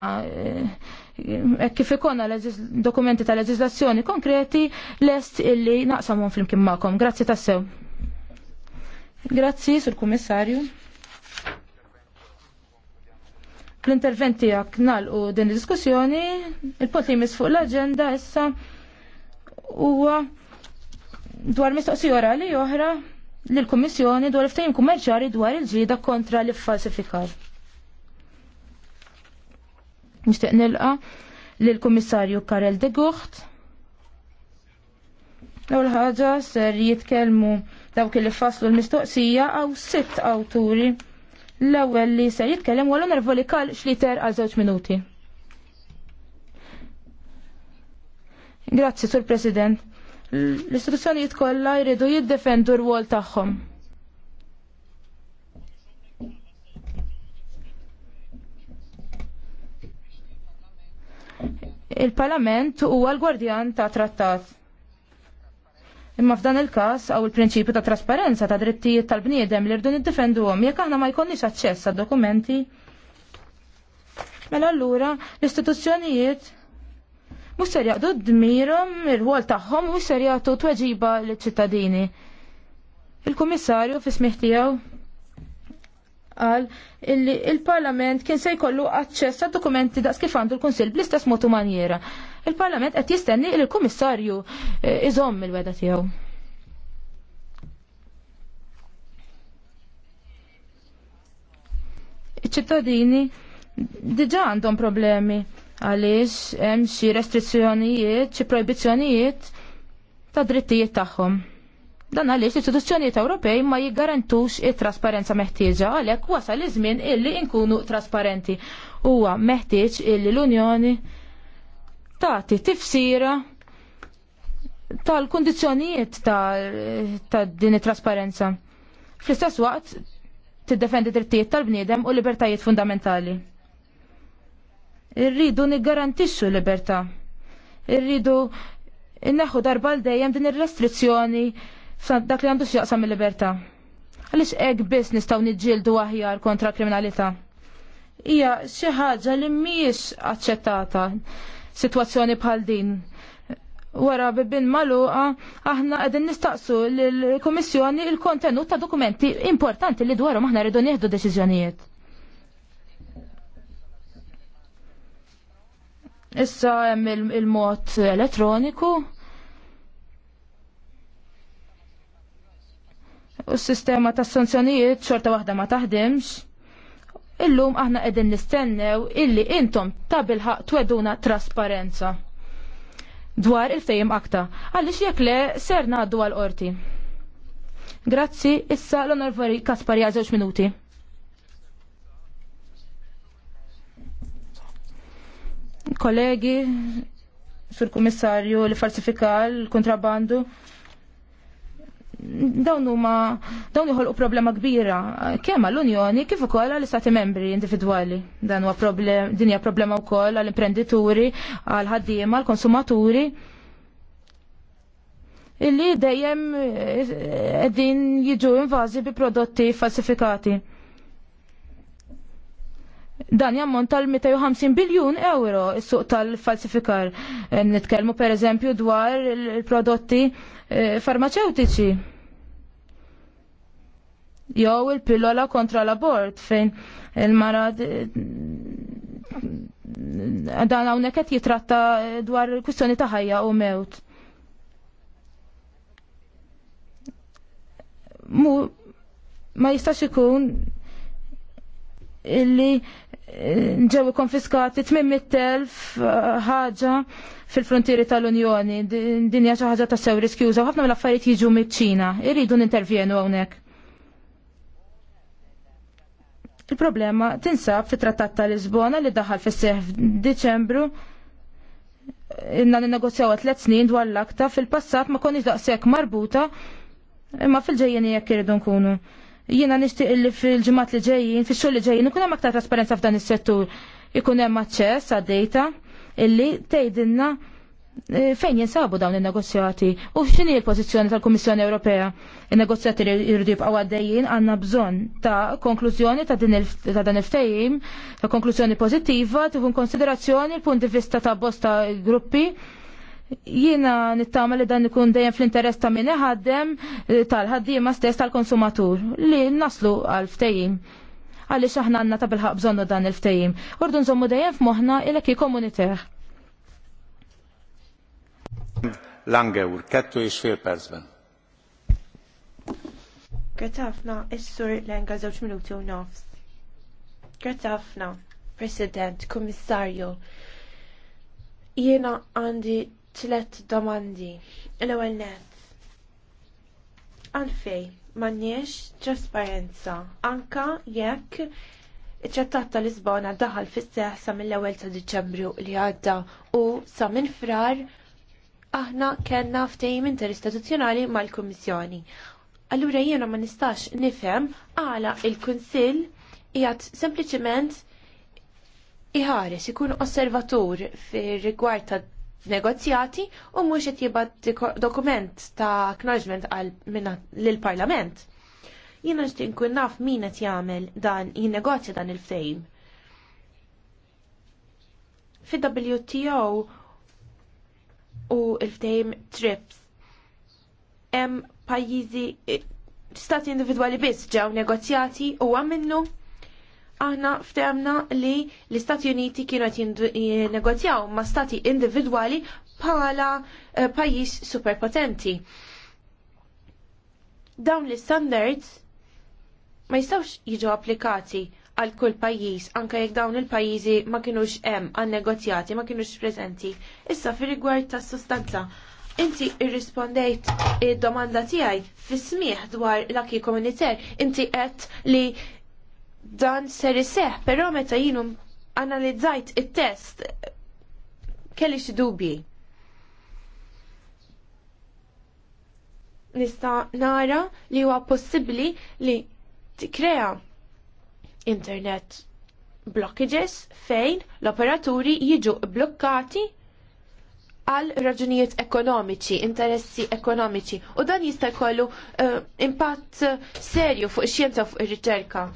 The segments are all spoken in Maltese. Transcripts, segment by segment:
Ah, eh, eh, kif ikonna dokumenti ta' leġislazzjoni konkreti lest illi naqsamon fil imkien ma'kom. Grazzi tassew. Grazzi, sur kummissarju. L-intervent nal u din diskussjoni, il-punt li jmiss fuq l-agenda issa huwa dwar mistoqsija orali oħra lill-Kummissjoni dwar il ftajim kummerċjali dwar il ġida kontra l-falsifikar. Nixtieq nilqa lill kummissarju Karel de Gucht. L-ewwel ħaġa ser jitkellmu dawk li faslu l-mistoqsija għaw sitt awturi. L-ewwel li ser jitkellem huwa l-onorevoli xliter għal żewġ minuti. Grazzi, Sur President. L-istituzzjonijiet kollha jridu jiddefendu r wol tagħhom. il-Parlament huwa l-gwardjan ta' trattat. Imma f'dan il-każ għaw il-prinċipju ta' trasparenza ta' drittijiet tal-bniedem li rridu niddefenduhom jekk aħna ma jkollniex aċċess għad dokumenti. Mela allura l-istituzzjonijiet mhux ser jaqdu d-dmirhom ir-rwol tagħhom u ser t tweġiba liċ-ċittadini. Il-Kummissarju fi tiegħu qal illi il-Parlament kien se jkollu aċċess għad dokumenti daqs kif għandu l-Kunsill bl-istess motu manjera. Il-Parlament qed jistenni il kummissarju eh, iżomm il-weda tiegħu. Iċ-ċittadini diġà għandhom problemi għaliex hemm xi restrizzjonijiet, xi projbizzjonijiet ta' drittijiet tagħhom. Dan għaliex l-istituzzjonijiet Ewropej ma jiggarantux it-trasparenza meħtieġa għalhekk wasal iż-żmien illi nkunu trasparenti. Huwa meħtieġ illi l-Unjoni tagħti tifsira tal-kundizzjonijiet ta' din it-trasparenza. Fl-istess waqt tiddefendi drittijiet tal-bniedem u libertajiet fundamentali. Irridu niggarantixxu libertà. Irridu inneħu darba l dejjem din ir-restrizzjoni dak li għandu x'jaqsam il-libertà. Għaliex hekk biss nistgħu niġġieldu aħjar kontra kriminalità. Hija xi ħaġa li mhijiex aċċettata sitwazzjoni bħal din wara bibin maluqa, aħna għedin nistaqsu l-Komissjoni il-kontenut ta' dokumenti importanti li dwarhom aħna rridu nieħdu deċiżjonijiet. Issa hemm il-mod elettroniku u s-sistema ta' sanzjonijiet xorta waħda ma taħdimx. Illum aħna qegħdin nistennew illi intom ta' bilħaq tweduna trasparenza dwar il fejm akta. Għaliex jekk le ser ngħaddu għal qorti. Grazzi, issa l-onorveri Kaspar żewġ minuti. Kollegi, sur kummissarju li falsifikal, kontrabandu, dawn huma dawn iħolqu problema kbira kemm għall-Unjoni kif ukoll għall-Istati Membri individwali. Dan huwa problem din hija problema wkoll għall-imprendituri, għall-ħaddiema, għall-konsumaturi illi dejjem eh, eh, qegħdin jiġu invażi bi prodotti falsifikati dan jammon tal-250 biljun euro is-suq tal-falsifikar. Eh, nitkellmu per eżempju dwar il-prodotti eh, farmaceutiċi. Jew il-pillola kontra l-abort fejn il-marad dan hawnhekk qed jitratta dwar kwistjoni ta' ħajja u mewt. Mu ma jistax ikun illi ġew konfiskati 800.000 eh, ħaġa fil-frontieri tal-Unjoni. Din hija xi ħaġa ta' sew riskjuża ħafna mill-affarijiet jiġu miċ-Ċina. Irridu nintervjenu hawnhekk. Il-problema tinsab fit-Trattat ta' Lisbona li daħal fis-seħ Diċembru inna ninnegozjaw tliet snin dwar l-akta fil-passat ma konniex daqshekk marbuta imma fil-ġejjeni jekk irridu nkunu. Jiena nixtieq li fil-ġimgħat li ġejjin, fix-xogħol li ġejjin, ikun hemm aktar trasparenza f'dan is-settur, ikun hemm aċċess għad-data illi tgħidilna e, fejn jinsabu dawn in-negozjati u x'inhi l-pożizzjoni tal-Kummissjoni Ewropea. In-negozjati jridu jibqgħu għaddejjin għandna bżonn ta' konklużjoni ta' dan il-ftehim, ta' konklużjoni pożittiva, tkun konsiderazzjoni l-punt di vista ta' bosta gruppi Jiena nittama li dan ikun dejjem fl-interess ta' min ħaddem eh, tal-ħaddiema stess tal-konsumatur li naslu għal ftejim għaliex aħna għandna ta' bilħaq bżonnu dan il-ftejim. Urdu nżommu dejjem f'moħħna ilek jikomuniteħ. Langewur, kettu jixfir perzben. Grazafna, is-sur Lenga żewġ minuti u nofs. Grazafna, President, Kummissarju. Jiena għandi tlet domandi. L-ewwel net. Għalfej m'għandniex trasparenza anka jekk iċ l tal-Lisbona daħal fis-seħ sa mill-ewwel ta' Diċembru li għadda u sa minn frar aħna kellna ftehim interistituzzjonali mal-Kummissjoni. Allura jiena ma nistax nifhem għala il-Kunsill qiegħed sempliċement iħares ikun osservatur fir rigward ta' negozjati u mhux qed jibgħat dokument ta' acknowledgement lill-Parlament. Jiena nixtieq nkun naf min qed jagħmel dan jinnegozja dan il-ftehim. Fid-WTO u il-ftehim TRIPS hemm pajjiżi eh, stati individwali biss ġew negozjati u minnu aħna ftemna li l-Istati Uniti kienu qed jinnegozjaw ma' stati individwali bħala eh, pajjiż superpotenti. Dawn l-standards ma jistawx jiġu applikati għal kull pajjiż anke jekk dawn il-pajjiżi ma kinux hemm għan negozjati ma kinux preżenti. Issa fir rigward tas-sustanza. Inti irrispondejt id-domanda tiegħi fis-smieħ dwar l-akki komuniter, inti qed li dan ser iseħ, però meta jienu analizzajt it-test kelli xi dubji. Nista' nara li huwa possibbli li tikrea internet blockages fejn l-operaturi jiġu blokkati għal raġunijiet ekonomiċi, interessi ekonomiċi. U dan jista' jkollu uh, impatt serju fuq ix-xjenza fuq ir-riċerka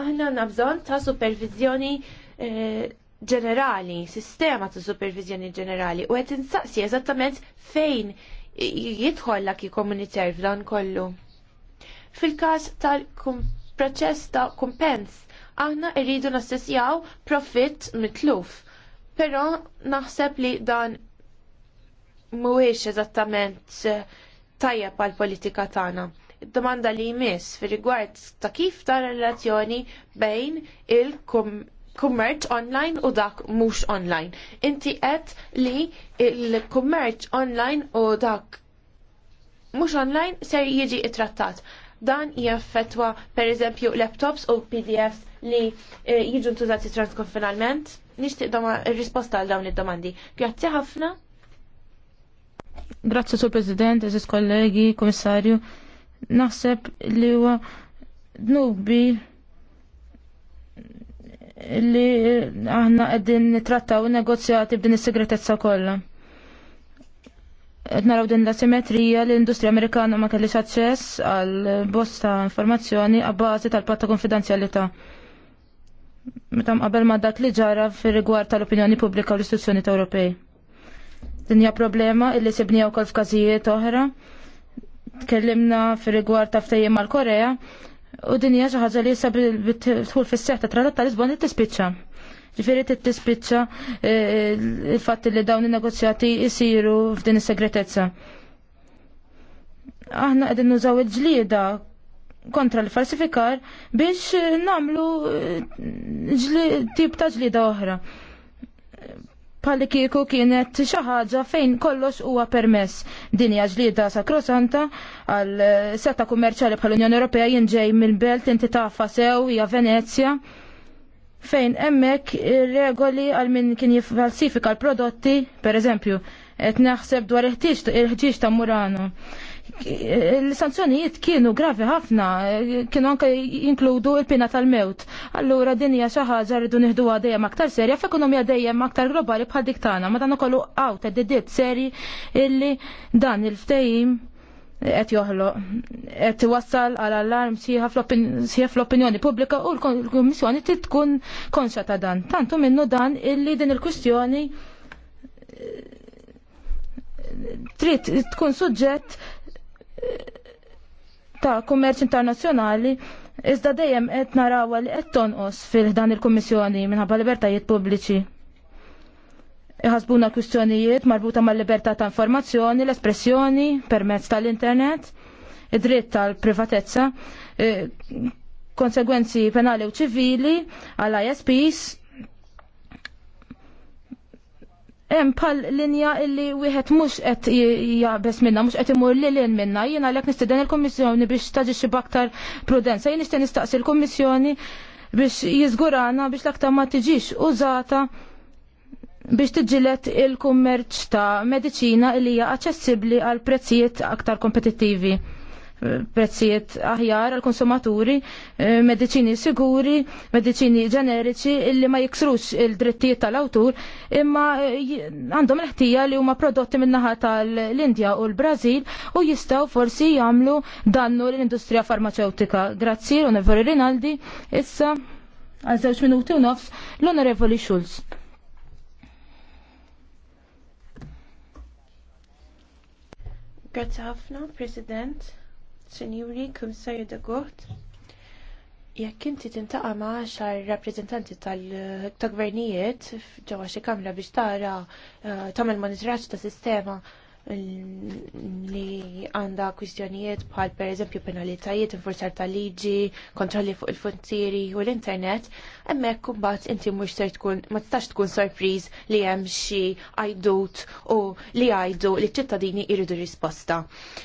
aħna nabżon ta' supervizjoni eh, ġenerali, sistema ta' supervizjoni ġenerali u għet insaqsi eżattament fejn jidħollak jikomunitar f'dan kollu. Fil-kas tal-proċess ta' kumpens, aħna irridu nassessjaw profit mitluf. Pero naħseb li dan mhuwiex eżattament eh, tajjeb pal politika tagħna domanda li jmiss fi rigward ta' kif ta' relazzjoni bejn il-kummerċ online u dak mhux online. Inti qed li il-kummerċ online u dak mhux online ser jiġi ittrattat. Dan jaffetwa per eżempju laptops u PDFs li eh, jiġu ntużati transkonfinalment. Nixtieq risposta għal dawn id-domandi. Grazzi ħafna. Grazzi, Sur President, eżis kollegi, Komissarju naħseb li huwa dnubi li aħna qegħdin nitrattaw negozjati b'din is-segretezza kollha. Qed naraw din l-asimetrija li l-industrija Amerikana ma kellix aċċess għal bosta informazzjoni abbażi tal ta' konfidenzjalità. Meta qabel ma dak li ġara fir-rigward tal-opinjoni pubblika u l-istituzzjoni Ewropej. Din hija problema illi sibnija wkoll f'każijiet oħra tkellimna fir-rigward ta' ftejjem mal-Korea u din hija xi ħaġa li issa bidħul fis-seħħ ta' trattat ta' Lisbon Ġifiri t tispiċċa eh, il-fatt li dawn in-negozjati jsiru f'din is-segretezza. Aħna qegħdin nużaw il-ġlieda kontra l-falsifikar biex namlu eh, tip ta' ġlida oħra palli kieku kienet xi ħaġa fejn kollox huwa permess. Din hija ġlieda sakrosanta għal setta kummerċjali bħall-Unjoni Ewropea jinġej mill-belt inti tafa sew hija Venezja fejn hemmhekk regoli għal min kien jifalsifika l-prodotti, per eżempju, qed naħseb dwar il-ħtiġ ta' Murano l-sanzjonijiet kienu gravi ħafna, kienu anke jinkludu il-pina tal-mewt. Allura din hija xi ħaġa rridu nieħdu dejjem aktar serja f'ekonomija dejjem aktar globali bħal dik tagħna, ma dan ukoll qaw teddidiet seri illi dan il-ftehim qed joħloq qed iwassal għal allarm sieħa fl-opinjoni pubblika u l-Kummissjoni trid tkun konxa ta' dan. Tantu minnu dan illi din il-kwistjoni trid tkun suġġett ta' kummerċ internazzjonali iżda dejjem qed naraw li qed tonqos fil dan il-Kummissjoni minħabba libertajiet pubbliċi. Iħasbuna kwistjonijiet marbuta mal-libertà ta' informazzjoni, l-espressjoni permezz tal-internet, id-dritt tal-privatezza, eh, konsegwenzi penali u ċivili għal ISPs hemm pal linja illi wieħed mhux qed jaqbes minna, mhux qed imur lil lin minna. Jiena għalhekk nistieden il-Kummissjoni biex taġixxi b'aktar prudenza. Jien nixtieq nistaqsi l-Kummissjoni biex jiżgurana biex l-aktar ma tiġix użata biex tiġilet il-kummerċ ta' mediċina li hija aċċessibbli għal prezzijiet aktar kompetittivi prezzijiet aħjar għal konsumaturi, eh, mediċini siguri, mediċini ġeneriċi illi ma jiksrux il-drittijiet tal-awtur, imma eh, għandhom l-ħtija li huma prodotti minnaħa tal-Indja u l-Brażil u jistaw forsi jagħmlu dannu l-industrija farmaceutika. Grazzi, l-Onorevoli Rinaldi, issa għal żewġ minuti u nofs l-Onorevoli Schulz. Grazie ħafna, President. Senjuri, kum de Gort, jekk inti tintaqa ma' xar rappresentanti tal-gvernijiet ġewwa xi kamra biex tara eh, tagħmel monitoraġġ ta' sistema li għanda kwistjonijiet bħal per eżempju penalitajiet, infurzar ta' liġi, kontrolli fuq il-funziri u l-internet, emmek kumbat inti mux ser tkun, ma tistax tkun sorpriz li hemm xi għajdut u li għajdu li ċittadini irridu risposta.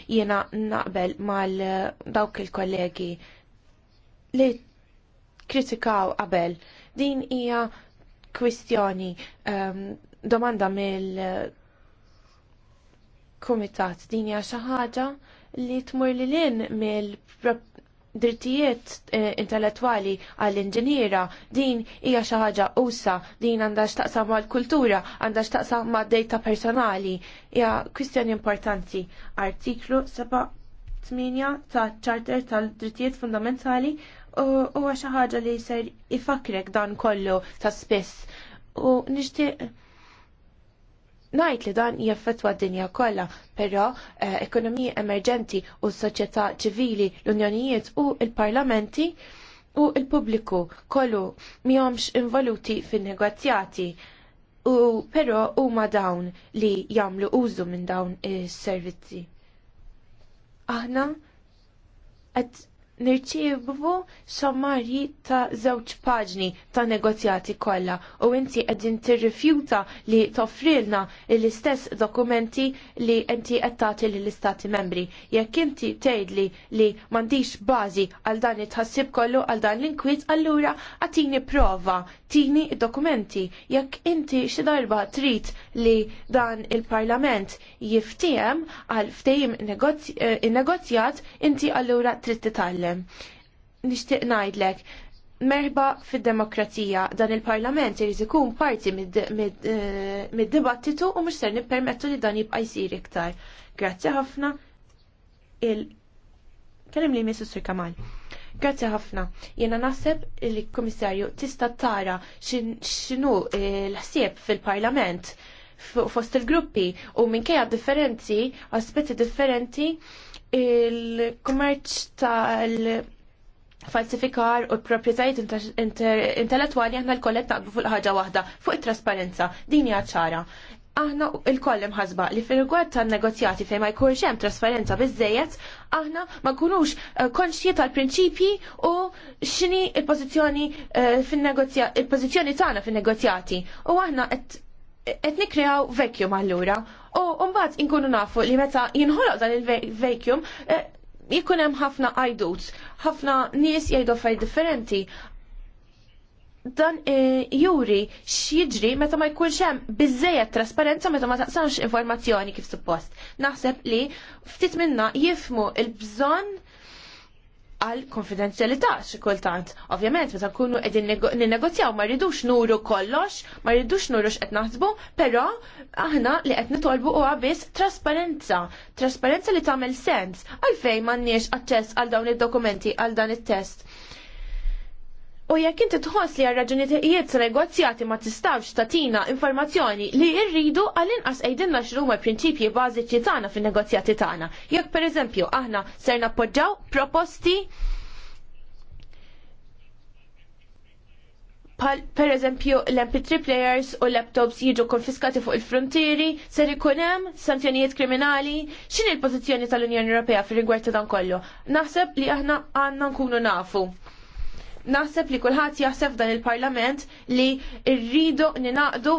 Jena naqbel mal eh, dawk il-kollegi li kritikaw qabel din hija kwistjoni um, domanda mill komitat din hija xi ħaġa li tmur li lin mill drittijiet eh, intellettwali għall-inġiniera din hija xi ħaġa usa din għandha x'taqsam mal-kultura, għandha x'taqsam mad-dejta personali. Hija kwistjoni importanti. Artiklu 7-8 ta' ċarter tal-drittijiet fundamentali huwa xi ħaġa li jser ifakrek dan kollu ta' spiss. U nixtieq Najt li dan jaffetwa d-dinja kollha, però eh, ekonomija emerġenti u s-soċjetà ċivili, l-unjonijiet u il-parlamenti u il-pubbliku kollu miħomx involuti fin-negozjati. U però huma dawn li jagħmlu użu minn dawn is-servizzi. Aħna qed nirċivu sommarji ta' żewġ paġni ta' negozjati kollha u inti qegħdin tirrifjuta li toffrilna l-istess dokumenti li inti qed tagħti lill-Istati Membri. Jekk inti tgħidli li m'għandix bażi għal dan it-tħassib kollu għal dan l-inkwiet, allura għatini prova, tini dokumenti. Jekk inti xi darba trid li dan il-Parlament jiftiem għal ftehim eh, negozjat, inti allura trid titgħallem jitkellem. Nixtieq ngħidlek, merba fid-demokrazija dan il-parlament irid ikun parti eh, mid-dibattitu u mhux ser nippermettu li dan jibqa' jsir iktar. Grazzi ħafna il Kellem li jmissu Sir Kamal. Grazzi ħafna. Jena naħseb li komissarju tista tara xinu l-ħsieb fil-parlament fost il-gruppi u minkejja differenzi, aspetti differenti, il-kummerċ tal- falsifikar u proprjetajt intellettwali aħna l-kollet naqbu fuq ħaġa waħda, fuq it-trasparenza, din hija ċara. Aħna l-koll ħasba li fil-rigward tan-negozjati fejn ma jkunx hemm trasparenza biżejjed, aħna ma kunux eh, konxji tal-prinċipji u x'inhi il-pożizzjoni eh, fin-negozjati il-pożizzjoni tagħna fin-negozjati. U aħna qed nikreaw vekjum allura U mbagħad inkunu nafu li meta jinħoloq dan il-vacuum eh, jikun hemm ħafna idots, ħafna nies jgħidu fej differenti. Dan eh, juri x'jiġri meta ma jkunx hemm biżejjed trasparenza meta ma taqsamx informazzjoni kif suppost. Naħseb li ftit minna jifmu il-bżonn għal konfidenzjalità xi kultant. Ovvjament meta nkunu qegħdin ninnegozjaw ma rridux nuru kollox, ma rridux nuru x'qed naħsbu, però aħna li qed nitolbu huwa biss trasparenza, trasparenza li tagħmel sens għalfejn m'għandniex aċċess għal dawn id-dokumenti għal dan it-test. U jekk inti tħoss li għal-raġunijiet negozjati ma tistax tatina informazzjoni li rridu għal-inqas għajdinna ma prinċipji bażiċi tagħna fin-negozjati tagħna. Jekk pereżempju aħna ser nappoġġaw proposti per eżempju l-MP3 players u laptops jiġu konfiskati fuq il-frontieri, ser ikun hemm sanzjonijiet kriminali, x'inhi l-pożizzjoni tal-Unjoni Ewropea fir rigward ta' dan kollu? Naħseb li aħna għandna nkunu nafu naħseb li kulħadd jaħseb dan il-Parlament li rridu ninaqdu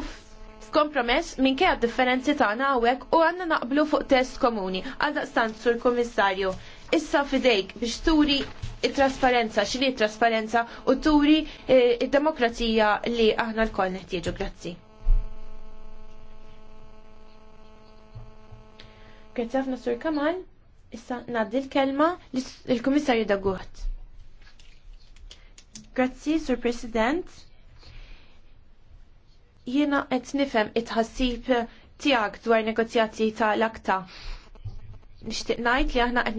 f'kompromess minkejja differenzi tagħna hawnhekk u għandna naqblu fuq test komuni. Għal daqstant sur Kummissarju, issa fidejk biex turi it-trasparenza, xili trasparenza u turi eh, id-demokrazija li aħna l-koll neħtieġu. Grazzi. Grazzi għafna sur Kamal, issa naddi l-kelma l-Kummissarju Daguħt. Grazzi, Sur President. Jiena qed nifhem it-ħassib tiegħek dwar negozjati tal-akta. Nixtieq ngħid li aħna qed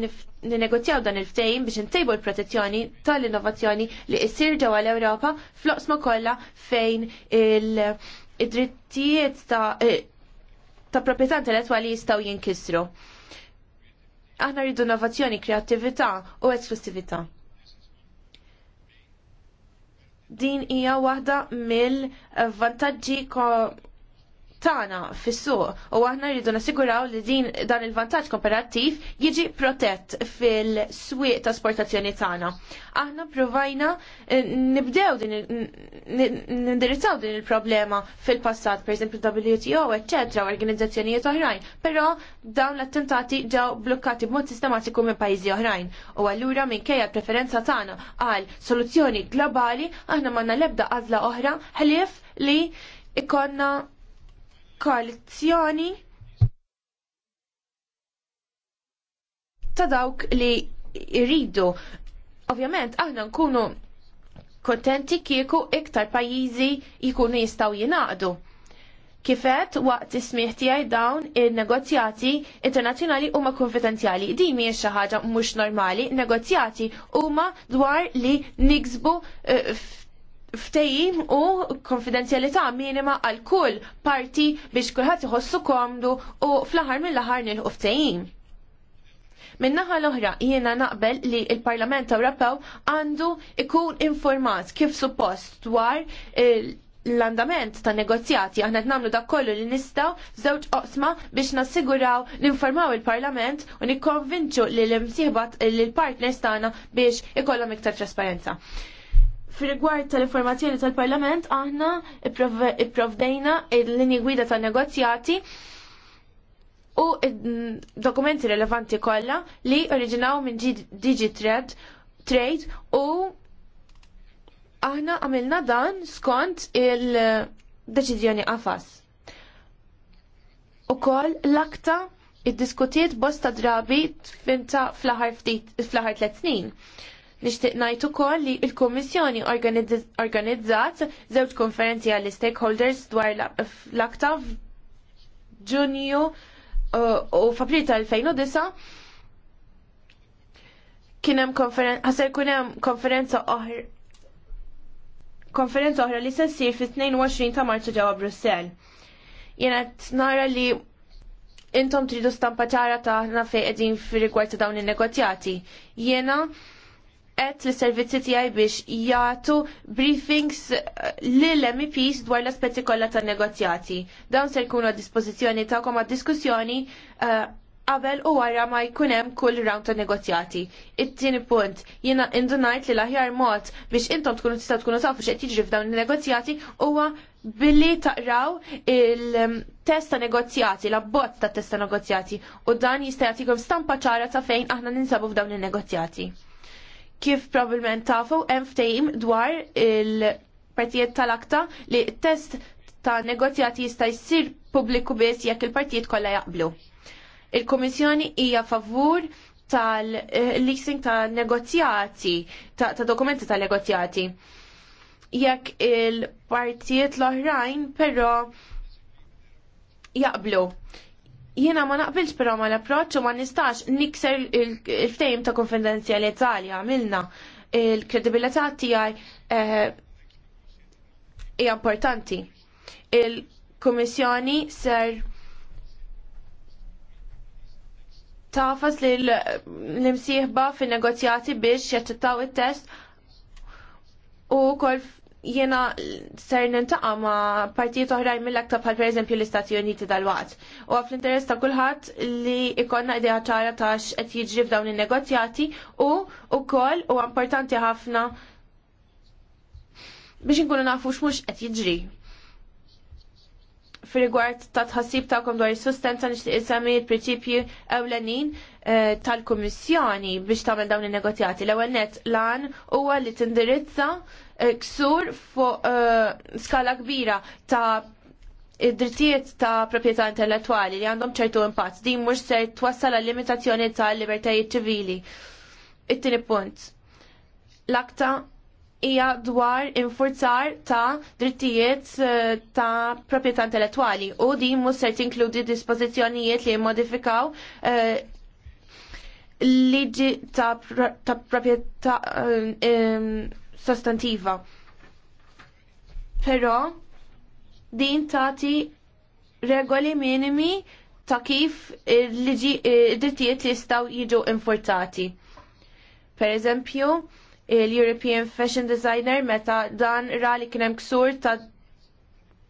ninegozjaw dan il-ftehim biex intejbu l-protezzjoni tal-innovazzjoni li jsir ġewwa l-Ewropa floqsma kollha fejn il-drittijiet ta' eh, ta' proprjetà intellettwali jistgħu jinkisru. Aħna rridu innovazzjoni, kreattività u esklusività. Din hija waħda mill-vantaġġi Tana fis-suq u aħna rridu nasiguraw li din dan il-vantaġġ komparattiv jiġi protett fil-swieq ta' sportazzjoni tagħna. Aħna provajna eh, nibdew din nindirizzaw din il-problema fil-passat, esempio WTO, eċċetra, organizzazzjonijiet oħrajn, però dawn l-attentati ġew blokkati b'mod sistematiku minn pajjiżi oħrajn. U allura minkejja preferenza tagħna għal soluzzjoni globali aħna manna l-ebda għażla oħra ħlief li ikonna koalizzjoni ta' dawk li rridu. Ovvjament, aħna nkunu kontenti kieku iktar pajjiżi jkunu jistgħu jinaqdu. Kifet waqt ismiħ tiegħi dawn in-negozjati internazzjonali huma konfidenzjali. Din mhijiex xi ħaġa mhux normali, negozjati huma dwar li niksbu eh, ftejim u konfidenzjalità minima għal kull parti biex kulħadd iħossu komdu u fl-aħħar mill-aħħar nilħu ftejim. naħa l-oħra jiena naqbel li il-Parlament Ewropew għandu ikun informat kif suppost dwar l-andament ta' negozjati aħna qed nagħmlu dak kollu li nistgħu żewġ oqsma biex nassiguraw ninformaw il-Parlament u nikkonvinċu li l-imsieħbat lill partners tagħna biex ikollhom iktar trasparenza. Fil-rigward tal-informazzjoni tal-Parlament, aħna ipprovdejna il-linji gwida tal-negozjati u dokumenti relevanti kollha li oriġinaw minn DigiTrade Trade u aħna għamilna dan skont il-deċiżjoni qafas. U koll l-akta id-diskutiet bosta drabi fl-ħar tliet snin. Nixtieq ngħid ukoll li l-Kummissjoni organizzat żewġ konferenzi għall stakeholders dwar l-akta f'Ġunju u f'April tal-2009 kienem konferenza ħasser kunem hemm konferenza oħra konferenza oħra li se ssir fit-22 ta' Marzu ġewwa Brussell. Jiena nara li intom tridu stampa ċara ta' nafe fejn qegħdin fir-rigward ta' dawn in-negozjati. Jiena għet li servizzi tijaj biex jgħatu briefings eh, l-MEPs dwar l-aspetti kollha tan negozjati. Dawn se jkunu a dispożizzjoni tagħkom għad diskussjoni eh, qabel u wara ma jkunem kull round ta' negozjati. It-tieni punt, jiena indunajt li l-aħjar mod biex intom tkunu tista' tkunu tafu x'qed jiġri f'dawn in-negozjati huwa billi taqraw il-testa negozjati, la bozz ta' testa negozjati u dan jista' jagħtikom stampa ċara ta' fejn aħna ninsabu f'dawn in-negozjati. Kif probabbilment tafu hemm ftehim dwar il-partijiet tal-akta li t test ta' negozjati jista' jsir pubbliku biss jekk il-partijiet kollha jaqblu. Il-Kummissjoni hija favur tal-leasing ta' negozjati, ta', ta dokumenti ta' negozjati. Jekk il-partijiet l-oħrajn però jaqblu. Jiena ma naqbilx però ma l-approċċ u ma nistax nikser il-ftejm ta' konfidenzjalità li għamilna il-kredibilità tiegħi eh, hija importanti. Il-Kummissjoni ser tafas li l-imsieħba fin negozjati biex jaċċettaw it-test u kolf Jiena ser nintaqa ma partijiet oħrajn mill-aktar bħal pereżempju l-Istati Uniti dal-waqt. U għaf l-interess ta' kulħadd li ikonna idea ċara ta' x'qed jiġri f'dawn in-negozjati u wkoll u importanti ħafna biex inkunu nafu x'mhux qed jiġri. Fir-rigward ta' tħassib tagħkom dwar is-sustenza nixtieq isemmi l-prinċipju ewlenin eh, tal-Kummissjoni biex tagħmel dawn in-negozjati. L-ewwel nett lan huwa li tindirizza ksur fuq uh, skala kbira ta' id-drittijiet ta' proprjetà intellettwali li għandhom ċertu impatt. Din mhux se twassal għal limitazzjoni ta' libertajiet ċivili. It-tieni punt. L-akta hija dwar infurzar ta' drittijiet eh, ta' proprjetà intellettwali u din mhux se tinkludi dispożizzjonijiet li jimmodifikaw uh, liġi ta', proprjetà sostantiva. Però din tagħti regoli minimi ta' kif id-drittijiet jistgħu jiġu importati. Per eżempju, l-European Fashion Designer meta dan ra li kien hemm ksur ta'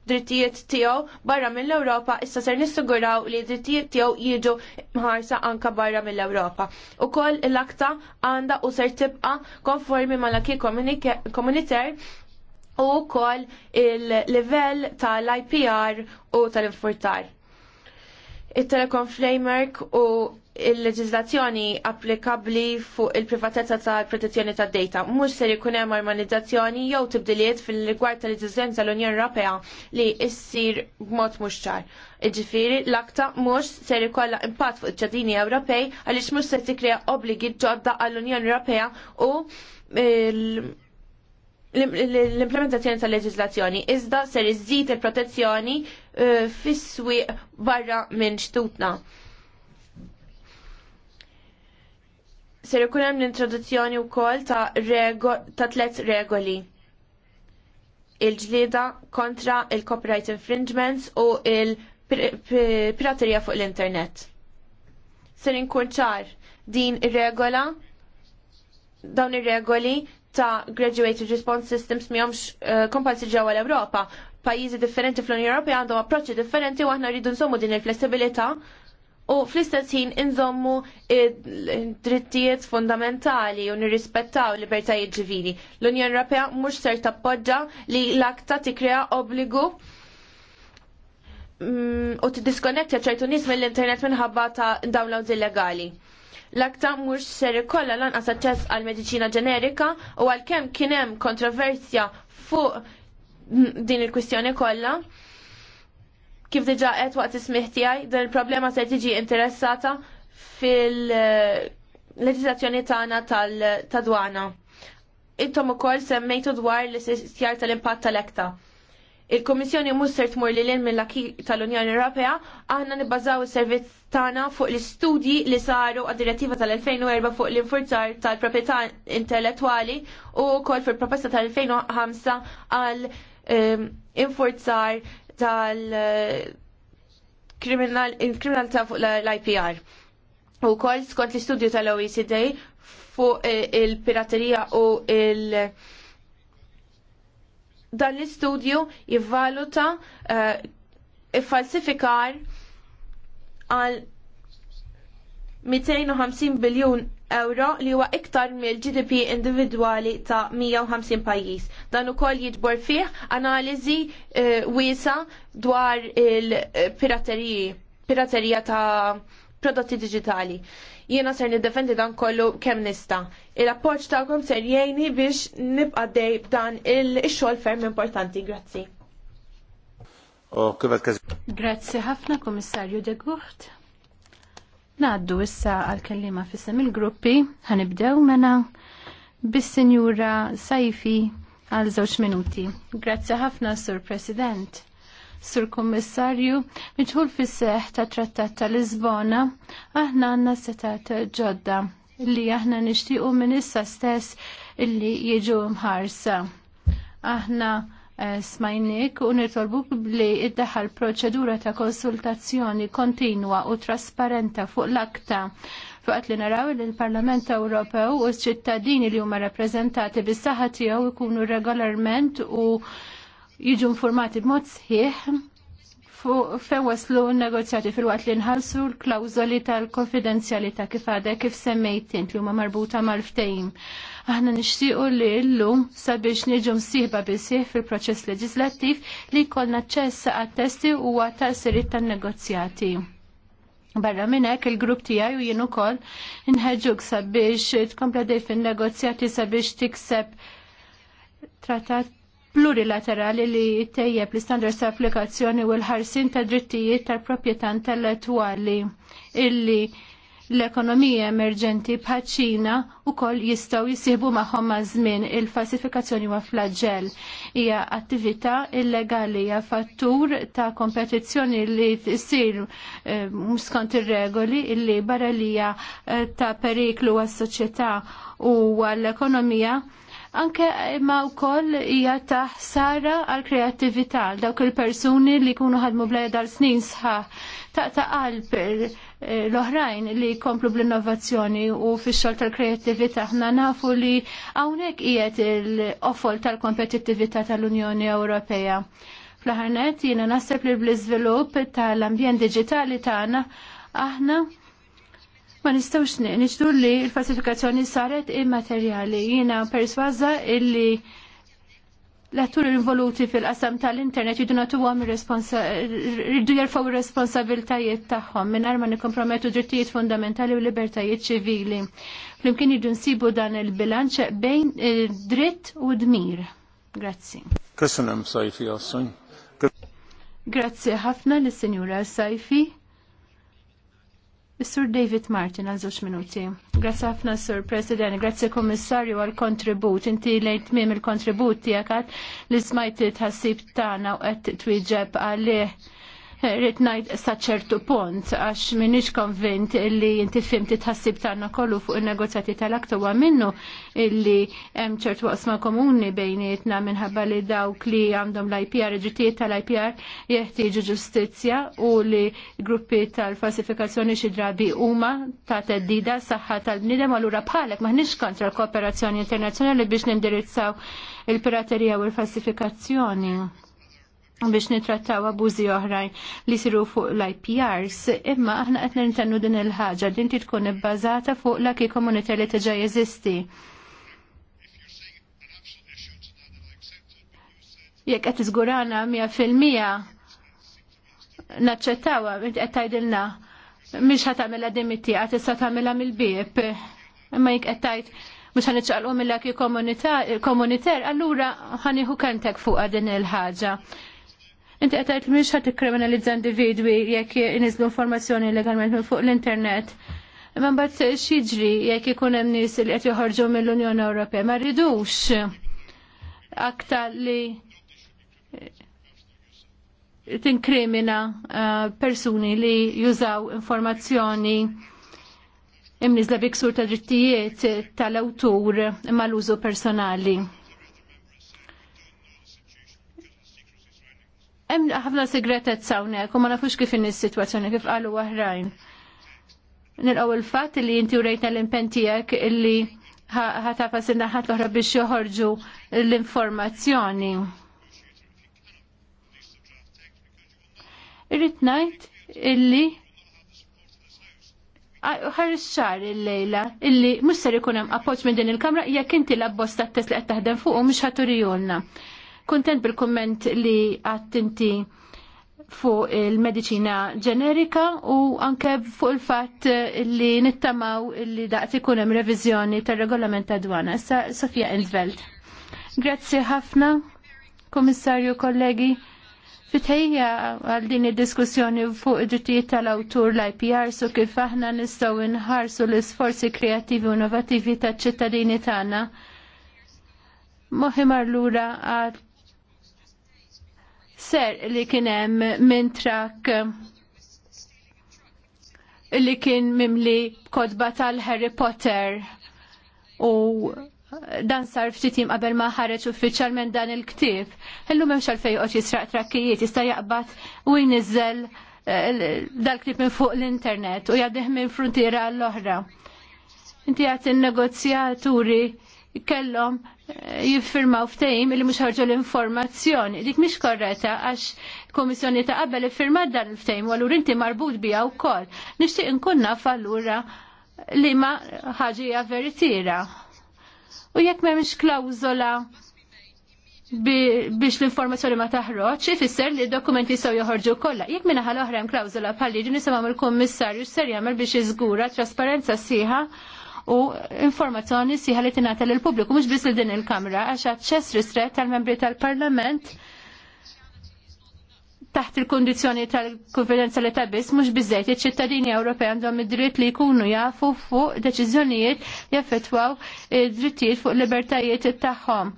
drittijiet tiegħu barra mill-Ewropa issa ser nissiguraw li drittijiet tiegħu jiġu mħarsa anka barra mill-Ewropa. Ukoll l-akta għandha u ser tibqa' konformi mal-aki komuniter u koll il-livell tal-IPR u tal-infurtar. Il-Telecom Framework u il-leġizlazzjoni applikabli fuq il-privatezza ta' protezzjoni tad-data. Mhux ser jkun hemm armonizzazzjoni jew tibdiliet fil-rigward tal leġizlazzjoni tal-Unjoni Ewropea li ssir b'mod mhux ċar. Iġifieri l-akta mhux ser jkollha impatt fuq iċ-ċadini Ewropej għaliex mhux se tikrea obbligi ġodda għall-Unjoni Ewropea u l-implementazzjoni tal-leġizlazzjoni iżda ser iżid il-protezzjoni eh, fis-swieq barra minn xtutna ser ikun hemm l-introduzzjoni wkoll ta' ta' tliet regoli. Il-ġlieda kontra il-copyright infringements u il-piraterija fuq l-internet. Ser inkun ċar din ir-regola dawn ir-regoli ta' graduated response systems miħomx eh, kompalsi ġewwa l-Ewropa. Pajjiżi differenti fl-Unjoni Ewropea għandhom approċċi differenti u aħna rridu nsommu din il-flessibilità u fl-istess ħin inżommu drittijiet fundamentali u nirrispettaw libertajiet ġivili. L-Unjoni Ewropea mhux ser tappoġġa li l-akta tikrea obbligu mm, u tiddiskonettja ċertu nies mill-internet minħabba ta' downloads illegali l-aktar mhux ser ikollha lanqas aċċess għal mediċina ġenerika u għalkemm kien hemm kontroversja fuq din il-kwistjoni kollha, Kif diġa qed waqt ismiħtijaj, tiegħi, dan il-problema se tiġi interessata fil-leġiżlazzjoni tagħna tal-dwana. Intom ukoll semmejtu dwar l-istjar tal-impatt tal-ekta. Il-Kommissjoni mus ser tmur l-in mill-aki tal-Unjoni Ewropea, aħna nibbażaw is-servizz tagħna fuq l-istudji li saru għad-direttiva tal-2004 fuq l-infurzar tal-proprjetà intellettwali u kol fil-proposta tal-2005 għal ehm, infurzar tal-kriminalità eh, fuq l-IPR. U kol skont l-istudju tal-OECD fuq eh, il-piraterija u il- dan l-istudju jivvaluta uh, eh, falsifikar għal 250 biljun euro li huwa iktar mill-GDP individwali ta' 150 pajjiż. Dan ukoll jiġbor fih analiżi uh, wiesa dwar il-pirateriji, piraterija ta' prodotti digitali. Jiena ser niddefendi dan kollu kemm nista. Il-appoġġ tagħkom ser jgħinni biex nibqa' dej b'dan il-xogħol ferm importanti. Grazzi. Oh, Grazzi ħafna, De Gucht. Naddu issa għal-kellima fissem il-gruppi, ħanibdew mena bis senjura Sajfi għal żewġ minuti. Grazzi ħafna, Sur President. Sur Kommissarju, miċħul fis seħ ta' Trattat ta' Lisbona, aħna għanna setat ġodda li aħna nixtiequ minn issa stess illi jiġu mħarsa. Aħna Eh, smajnik u nirtolbu li id-daħal proċedura ta' konsultazzjoni kontinwa u trasparenta fuq l-akta fuqat li naraw li l-Parlament Ewropew u s-ċittadini li huma rappreżentati bis-saħħa tiegħu jkunu regolarment u jiġu informati b'mod sħiħ fejn waslu negozjati fil-waqt li nħallsu l-klawżoli tal-konfidenzjalità kif għadha kif semmejtint li huma marbuta mal-ftehim. Aħna nixtiequ li llum sabiex niġu msieħba bisieħ fil-proċess leġislattiv li jkollna ċess għat-testi u s-sirit tal negozjati Barra minn hekk il-grupp tiegħi u jenu kol nħedġuk sabiex tkompla dej fin-negozjati sabiex tikseb trattat plurilaterali li tejjeb l-standards ta' applikazzjoni u l-ħarsin ta' drittijiet tal-proprjetà intellettwali illi l-ekonomija emerġenti bħaċ-Ċina wkoll jistgħu jisibu magħhom maż żmien il-falsifikazzjoni huwa aġġel hija attività illegali hija fattur ta' kompetizzjoni li tsir eh, skont ir-regoli illi barra li hija eh, ta' periklu għas-soċjetà u għall-ekonomija anke ma wkoll hija taħsara għal kreattività dawk il-persuni li jkunu ħadmu bleda dal snin sħaħ taqta' qalb Eh, l-oħrajn li komplu bl-innovazzjoni u fix-xogħol tal-kreattività aħna nafu li hawnhekk ijet il-qofol tal-kompetittività tal-Unjoni Ewropea. fl ħarnet jiena naħseb li bl-iżvilupp tal-ambjent digitali tagħna aħna ma nistgħux niġdu li l-falsifikazzjoni saret immaterjali. Jiena persważa illi l-attur involuti fil-qasam tal-internet jidu natu għam rridu jarfaw responsabiltajiet tagħhom minn ma nikompromettu drittijiet fundamentali u libertajiet ċivili. Flimkien jidu nsibu dan il-bilanċ bejn dritt u dmir. Grazzi. Kessunem sajfi għassun. Grazzi ħafna l-Sinjura Sajfi sur David Martin għal żewġ minuti. Grazzi ħafna Sur President, grazzi Kummissarju għal kontribut. Inti lejt mim il-kontribut tiegħek li smajt tħassib tagħna u qed twieġeb għalih ritnajt ngħid sa ċertu punt għax minix konvint li inti fimti tħassib tagħna kollu fuq in-negozjati tal-aktu huwa minnu illi hemm ċertu waqsma komuni bejnietna minħabba li dawk li għandhom l-IPR, ġitijiet tal-IPR jeħtieġu ġustizzja u li gruppi tal-falsifikazzjoni xi drabi huma ta' teddida saħħa tal-bniedem allura bħalek maħniex kontra l-kooperazzjoni internazzjonali biex nindirizzaw il-piraterija u l-falsifikazzjoni biex nitrattaw abużi oħrajn li siru fuq l-IPRs, imma aħna qed nintennu din il-ħaġa li inti tkun ibbażata fuq l-aki komunità li tiġa jeżisti. Jekk qed iżgurana mija fil-mija naċċettawha qed tgħidilna mhix ħadd tagħmilha dimitti qatt tista' tagħmilha mill-bieb. Imma jekk qed tgħid mhux ħaniċċaqlu mill-aki komunitar, allura ħaniħu kentek fuqha din il-ħaġa Inti qed tgħid mhix ħadd tikkriminalizza individwi jekk iniżlu informazzjoni legalment minn fuq l-internet. Imma mbagħad jiġri jekk ikun hemm nies li qed joħorġu mill-Unjoni Ewropea ma rridux aktar li tinkrimina eh, persuni li jużaw informazzjoni imnizla biksur ta' drittijiet tal-awtur imma l-użu personali. Hemm ħafna segretet hawnhekk u ma nafux kif in is-sitwazzjoni kif qalu oħrajn. Nilqgħu il-fatt li inti urejt l-impenn tiegħek illi ħatafa sinna ħadd oħra biex joħorġu l-informazzjoni. Irrid ngħid illi ħar xar il-lejla illi mhux ser ikun hemm appoġġ minn din il-kamra jekk inti l-abbozz tat-test li qed taħdem fuq u mhux ħaturjulna. Kuntent bil-komment li għattinti fuq il-medicina ġenerika u anke fuq il-fatt li nittamaw li daqt ikun hemm revizjoni tar-regolament ta' dwana. Sa Sofia Enzveld. Grazzi ħafna, Komissarju, kollegi. Fitħejja għal din id-diskussjoni fuq id-drittijiet tal-awtur l-IPR su kif aħna nistgħu nħarsu l-isforzi kreattivi u innovattivi taċ-ċittadini tagħna. Moħi marlura għal ser li kien hemm minn trak eh, li kien mimli kodba tal-Harry Potter u dan sar ftit jim qabel ma ħareġ uffiċjalment dan il-ktieb. Illum hemm xalfej qod jisraq trakkijiet jista' jaqbad u jniżel eh, dal-klip minn fuq l-internet u jaddih minn frontiera għall-oħra. Inti għat il-negozjaturi kellhom jiffirmaw ftehim li mhux ħarġu l-informazzjoni. Dik mhix korretta għax komissjoni ta' qabel iffirmat dan il ftejm u għallur inti marbut biha wkoll. Nixtieq inkun nkunna fallura li ma ħaġija veritira. U jekk m'hemmx klawzola biex l-informazzjoni ma taħroġ, ifisser li d-dokumenti sew joħorġu kollha. Jekk minn ħal oħra hemm klawżola bħal nisimgħu mill-kummissarju x'ser jagħmel biex iżgura trasparenza siħa u informazzjoni siħa li tingħata lill pubbliku mhux biss din il-Kamra għax aċċess ristret tal-membri tal-Parlament taħt il-kondizjoni tal ta' biss mhux biżejt iċ-ċittadini Ewropej għandhom id-dritt li jkunu jafu fuq deċiżjonijiet li jaffettwaw id-drittijiet fuq libertajiet tagħhom.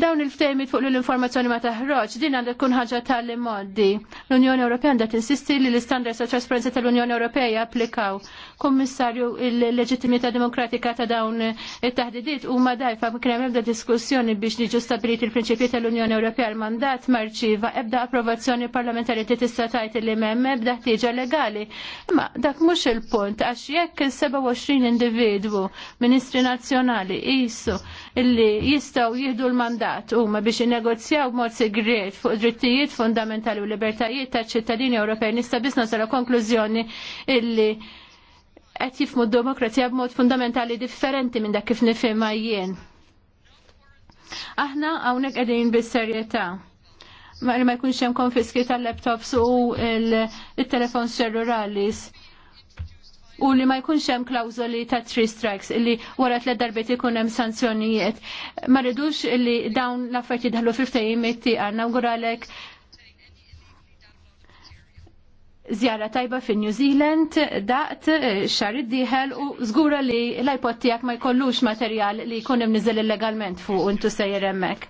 Dawn il-ftejmit fuq l-informazzjoni ma taħroġ, din għandha tkun ħaġa tal-modi. L-Unjoni Ewropea għandha tinsisti li l-istandards ta' trasparenza tal-Unjoni Ewropea japplikaw. Kummissarju, il-leġittimità demokratika ta' dawn it-taħdidiet huma dajfa kien hemm ebda diskussjoni biex niġu stabiliti l-prinċipji tal-Unjoni Ewropea l-mandat marċiva ebda approvazzjoni parlamentari ti tista' tgħid li m'hemm ebda ħtieġa legali. Imma dak mhux il-punt għax jekk 27 individwu, ministri nazzjonali, qisu illi jistgħu jieħdu l-mandat huma biex innegozjaw mod segret fuq drittijiet fundamentali u libertajiet ta' ċittadini Ewropej nista' biss nasal konklużjoni illi qed jifmu d-demokrazija b'mod fundamentali differenti minn dak kif nifhimha jien. Aħna hawnhekk qegħdin bis-serjetà ma jkunx hemm konfiski tal-laptops u il-telefons ċellularis u li ma jkunx hemm klawżoli ta' three strikes li wara tliet darbiet ikun hemm sanzjonijiet. Ma rridux li dawn l-affarijiet jidħlu fil-ftehim it-tieqa zjara tajba fin New Zealand, daqt xar id-diħel u zgura li l-iPod tijak ma jkollux materjal li jkun imniżel illegalment fuq untu sejjer emmek.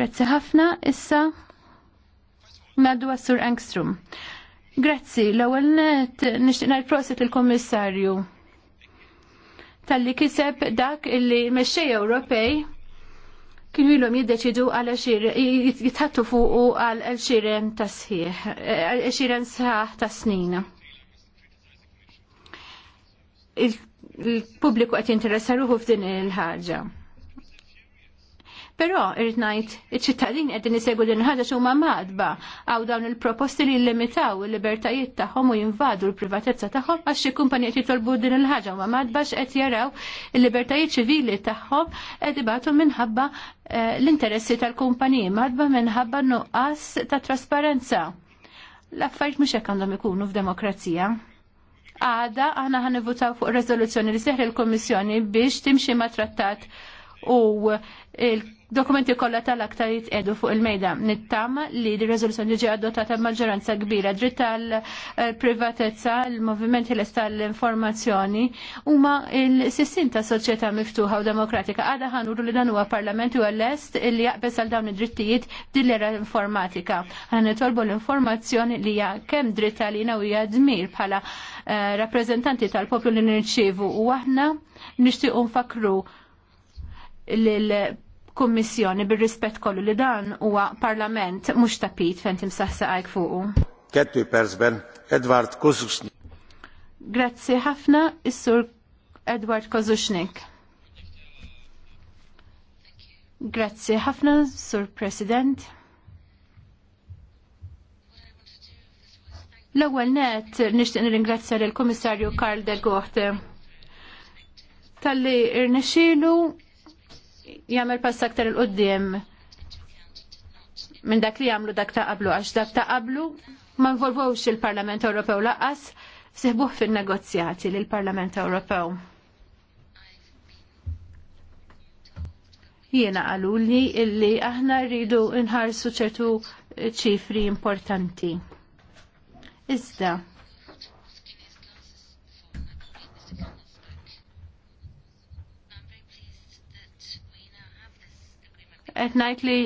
Grazzi ħafna, issa. Naddu għassur Angstrom. Grazzi, l-ewwel net nixtieq ngħid il-Kummissarju tal-li kiseb dak li mexxej Ewropej kienu ilhom jiddeċidu għal jitħattu fuqu għal xiren tasħiħ, għal xiren sħaħ ta' snin. Il-pubbliku qed jinteressa ruħu f'din il-ħaġa. Però irrid ngħid iċ-ċittadini qegħdin isegwu din ħaġa huma madba għaw dawn il-proposti li jlimitaw il-libertajiet tagħhom u jinvadu l-privatezza tagħhom għax xi kumpanija jitolbu din il-ħaġa huma madba x'qed jaraw il-libertajiet ċivili tagħhom qed ibatu minħabba eh, l-interessi tal-kumpaniji madba minħabba nuqqas ta' trasparenza. L-affarijiet mhux hekk għandhom ikunu f'demokrazija għada għana għan votaw fuq rezoluzzjoni li seħri l-Komissjoni biex timxi ma trattat u dokumenti kollha tal-aktarit qiegħdu fuq il-mejda. nittam li di rezoluzzjoni ġi adottata maġġoranza kbira dritt tal-privatezza, il-movimenti l tal-informazzjoni huma il-sissin ta' soċjetà miftuħa u demokratika. Għada ħanuru li dan huwa parlament u għall-est li jaqbes għal dawn id-drittijiet dil-era informatika. Ħa nitolbu l-informazzjoni li hija kemm dritt għalina u hija dmir bħala eh, rappreżentanti tal-poplu li nirċievu u aħna nixtiequ nfakru lil kummissjoni bir-rispett kollu li dan huwa parlament mhux tapit fejn timsaħsaqajk fuqu. Kettu persben, Edward Kuzuxnik. Grazzi ħafna, is-sur Edward Kozuxnik. Grazzi ħafna, sur President. L-ewwel net nixtieq nirringrazzja lill kummissarju Karl de Gocht talli irnexxielu jagħmel pass aktar il qudiem minn dak li jagħmlu dak ta' qablu għax dak ta' qablu ma nvolvowx il-Parlament Ewropew laqas seħbuh fin-negozjati lill parlament Ewropew. Jiena li illi aħna rridu nħarsu ċertu ċifri importanti. Iżda, qed ngħid li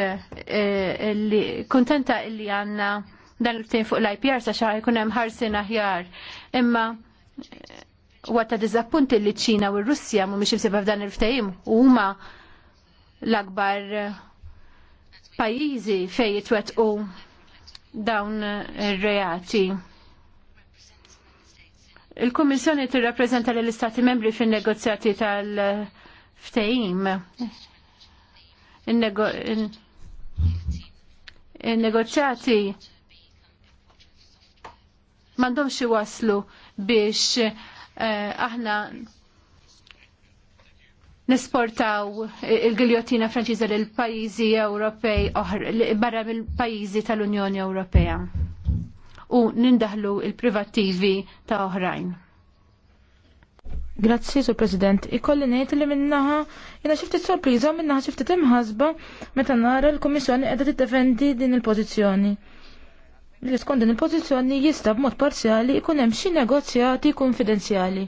eh, li kuntenta illi dan l ftin fuq l-IPR sa xaħi kunem hemm ħarsin aħjar. Imma huwa eh, ta' li ċina u r-Russja mhumiex imsibha f'dan il ftajim u huma l-akbar eh, pajjiżi fejn jitwettqu dawn ir-reati. Il-Kummissjoni tirrappreżenta lill istati membri fin-negozjati tal- ftehim il-negozjati mandomx waslu biex eh, aħna nesportaw il-giljotina franċiża lil pajjiżi Ewropej barra mill-pajjiżi tal-Unjoni Ewropea u nindaħlu il-privattivi ta' oħrajn. Grazzi, Sur President. Ikolli ngħid li minnaħa jiena xi ftit sorpriża minnaħa xi ftit imħasba meta nara l-Kummissjoni t tiddefendi din il-pożizzjoni. Li skont din il-pożizzjoni jista' b'mod parzjali jkun hemm xi negozjati konfidenzjali.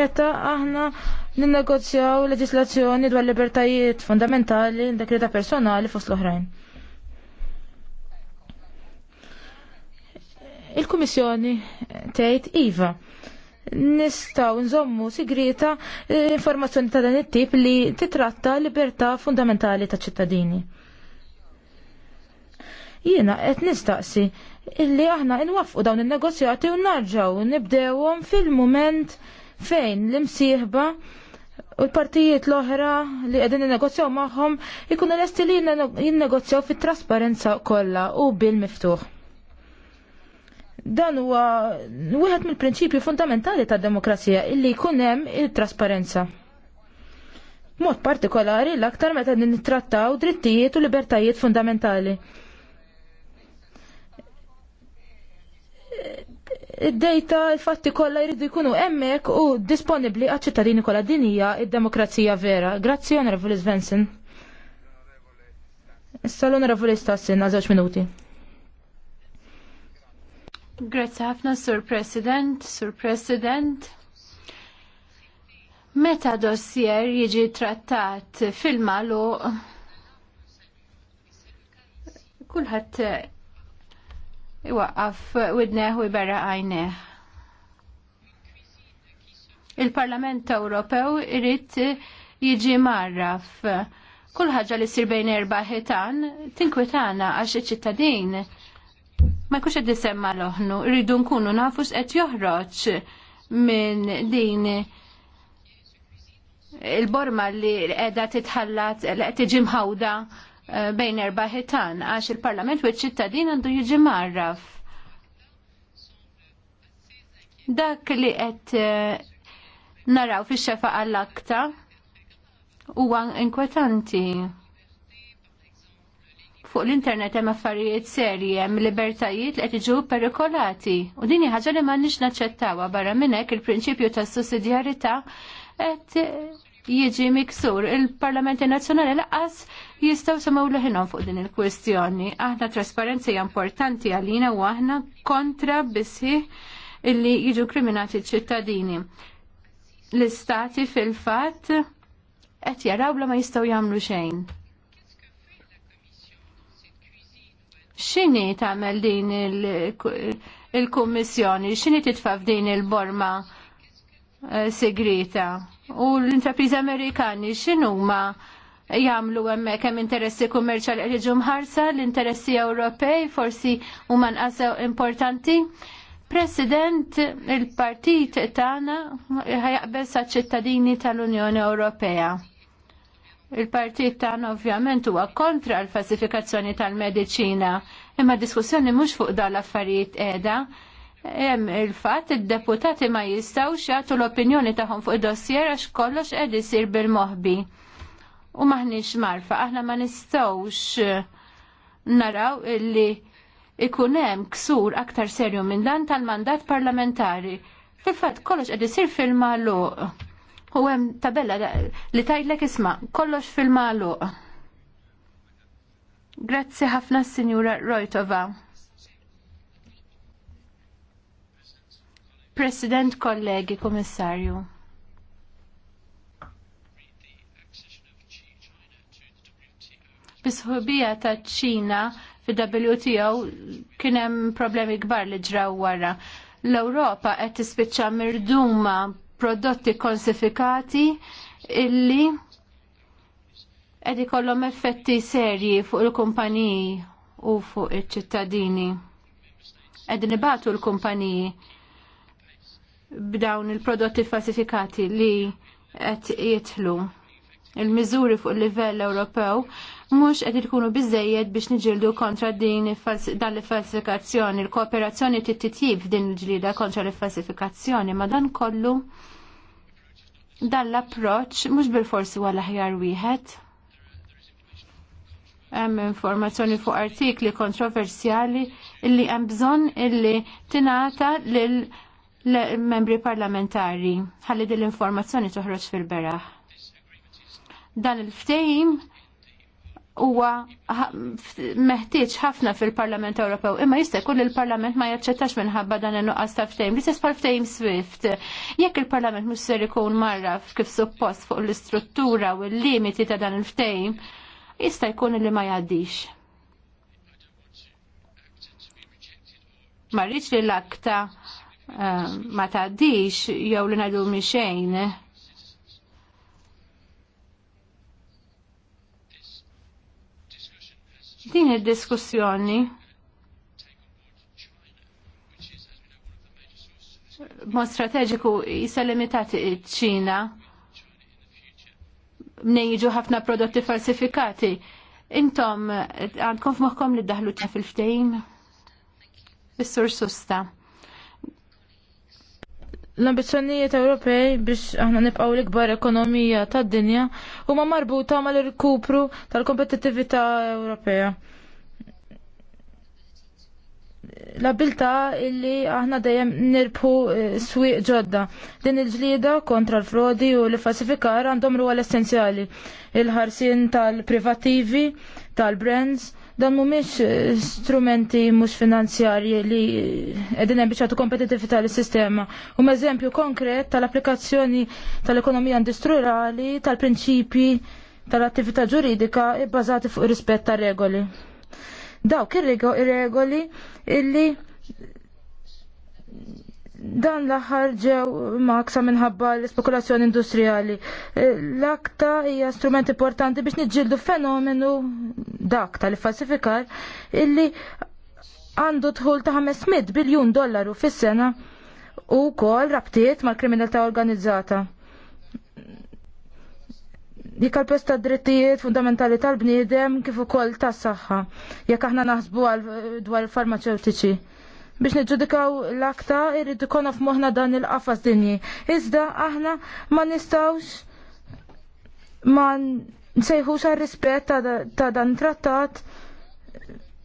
Meta aħna ninnegozjaw leġislazzjoni dwar libertajiet fundamentali, dekreta personali fost l-oħrajn. il-Kummissjoni tgħid iva nistaw nżommu sigrita eh, informazzjoni ta' dan it-tip li titratta libertà fundamentali ta' ċittadini. Jiena qed nistaqsi illi aħna nwaffqu dawn in-negozjati u narġaw nibdewhom fil-mument fejn l-imsieħba u l-partijiet l-oħra li qegħdin innegozjaw magħhom ikunu lesti li jinnegozjaw fit-trasparenza kollha u bil-miftuħ. Dan huwa wieħed mill prinċipju fundamentali tad-demokrazija illi jkun hemm il trasparenza Mod partikolari l-aktar meta nittrattaw drittijiet u libertajiet fundamentali. id-data, l fatti kollha jridu jkunu hemmhekk u disponibbli għaċ-ċittadini kollha din hija d-demokrazija vera. Grazzi Onorevoli Svensson. Issa l-Onorevoli Stassin għal żewġ minuti. Grazie ħafna, Sur President, Sur President. Meta dossier jiġi trattat fil-malu, kullħat iwaqqaf widneħ u jberra għajneħ. Il-Parlament Ewropew irrit jiġi marraf. Kull ħaġa li sir bejn erba' ħitan tinkwitana għax iċ-ċittadin ma jkunx qed isemma loħnu, rridu nkunu nafu x'qed joħroġ minn din il-borma li qiegħda titħallat li qed tiġi mħawda eh, bejn erba' ħitan għax il-Parlament u ċ-ċittadin għandu jiġi marraf. Dak li qed eh, naraw fix-xefa għall-akta huwa inkwetanti fuq l-internet hemm affarijiet serji hemm libertajiet li qed iġu perikolati. U din ħaġa li m'għandniex naċċettawha barra minn hekk il-prinċipju tas-sussidjarità qed jiġi miksur. Il-Parlamenti Nazzjonali laqas jistgħu semgħu leħinhom fuq din il-kwestjoni. Aħna trasparenza hija importanti għalina u aħna kontra bisħieħ illi jiġu kriminati ċittadini. L-istati fil-fatt qed jaraw bla ma jistgħu jagħmlu xejn. X'inhi tagħmel din il-kummissjoni, x'inhi titfa' f'din il-borma eh, segreta u l-intrapriżi Amerikani x'inhuma jagħmlu hemmhekk hemm interessi kummerċjali qed jiġu mħarsa, l-interessi Ewropej forsi huma nqasew importanti. President, il-partit tagħna ħajaqbel ċittadini tal-Unjoni Ewropea. Il-partit tan ovvjament huwa kontra l-falsifikazzjoni tal-mediċina, imma diskussjoni mhux fuq dan l-affarijiet qiegħda. Hemm il-fatt id-deputati ma jistgħux jagħtu l-opinjoni tagħhom fuq id-dossier għax kollox qed isir bil-moħbi. U maħniex marfa, aħna ma nistgħux eh, naraw illi ikun hemm ksur aktar serju minn dan tal-mandat parlamentari. Fil-fatt kollox qed isir fil-maluq u hemm tabella li tajlek isma' kollox fil malu Grazzi ħafna Sinjura Rojtova. President, kollegi, komissarju. Bisħubija ta' ċina fi wto kien hemm problemi kbar li ġraw wara. L-Ewropa qed tispiċċa mirduma prodotti konsifikati illi edi kollom effetti serji fuq il-kumpaniji u fuq il-ċittadini. Edi nibatu l-kumpaniji b'dawn il-prodotti falsifikati li qed jitlu. Il-miżuri fuq il-livell Ewropew mhux qed ikunu biżejjed biex niġildu kontra din dan l-falsifikazzjoni, il-kooperazzjoni titjib din il-ġlida kontra l-falsifikazzjoni, ma dan kollu dan l-approċ mhux bil-forsi l-aħjar wieħed. Hemm informazzjoni fuq artikli kontroversjali illi hemm bżonn illi tingħata lil membri parlamentari ħalli din l-informazzjoni toħroġ fil-beraħ. Dan il-ftehim huwa meħtieġ ħafna fil-Parlament Ewropew, imma jista' jkun il parlament ma jaċċettax minħabba dan in-nuqqas ta' ftehim. Li istess ftehim Swift. Jekk il-Parlament mhux ser ikun marra kif suppost fuq l-istruttura u l-limiti ta' dan il-ftehim, jista' jkun li ma jgħaddix. Ma rridx li l-akta eh, ma tgħaddix jew li ngħidu mi xejn Din id-diskussjoni mod strateġiku jisa limitati ċ-Ċina jiġu ħafna prodotti falsifikati. Intom għandkom f'moħkom li daħlu ta' fil-ftejn? Is-sur susta. L-ambizzjonijiet Ewropej biex aħna nibqgħu l-ikbar ekonomija tad-dinja huma marbuta mal-irkupru tal-kompetittività Ewropea. L-abilta illi aħna dejjem nirbħu eh, swieq ġodda. Din il-ġlieda kontra l-frodi u l-falsifikar għandhom ruol essenzjali. Il-ħarsin tal-privativi, tal-brands, tal privativi tal brands tal tal brands Dan mhumiex eh, strumenti mhux finanzjarji li qegħdin hemm biex kompetitività lis sistema Um eżempju konkret tal-applikazzjoni tal-ekonomija industriali tal-prinċipji tal-attività ġuridika bbażati fuq ir rispett tar regoli. Dawk ir-regoli illi dan l-aħħar ġew maksa minħabba l-spekulazzjoni industrijali. Eh, l-akta hija strument importanti biex niġġieldu fenomenu dak tal-falsifikar illi għandu tħul ta' 500 biljun dollaru fis-sena u kol rabtiet mal-kriminalità organizzata jikalpes ta' drittijiet fundamentali tal-bniedem kif ukoll tas saħħa jekk aħna naħsbu dwar il-farmaceutiċi biex niġġudikaw l-akta irrid ikun f'moħħna dan il-qafas dinji. Iżda aħna ma nistgħux ma nsejħux għar rispett ta' dan trattat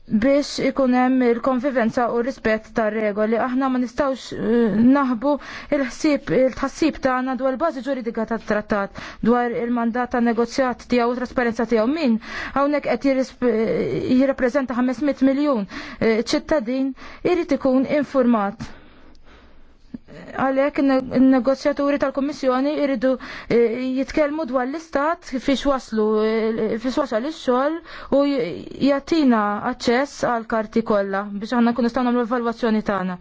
biex ikun hemm il-konvivenza u rispett tar regoli. Aħna ma nistawx eh, naħbu il-ħsib, il-tħassib tagħna dwar il-bażi ġuridika tat-trattat, dwar il-mandat ta' negozjat tiegħu u trasparenza tiegħu min hawnhekk qed eh, jirreprezenta 500 miljun eh, ċittadin irid ikun infurmat għalek il-negozjaturi tal-Komissjoni irridu eh, jitkelmu dwar l-istat fiex waslu eh, fiex wasal ix-xogħol u jagħtina aċċess għal karti kollha biex aħna nkunu nistgħu nagħmlu evalwazzjoni tagħna.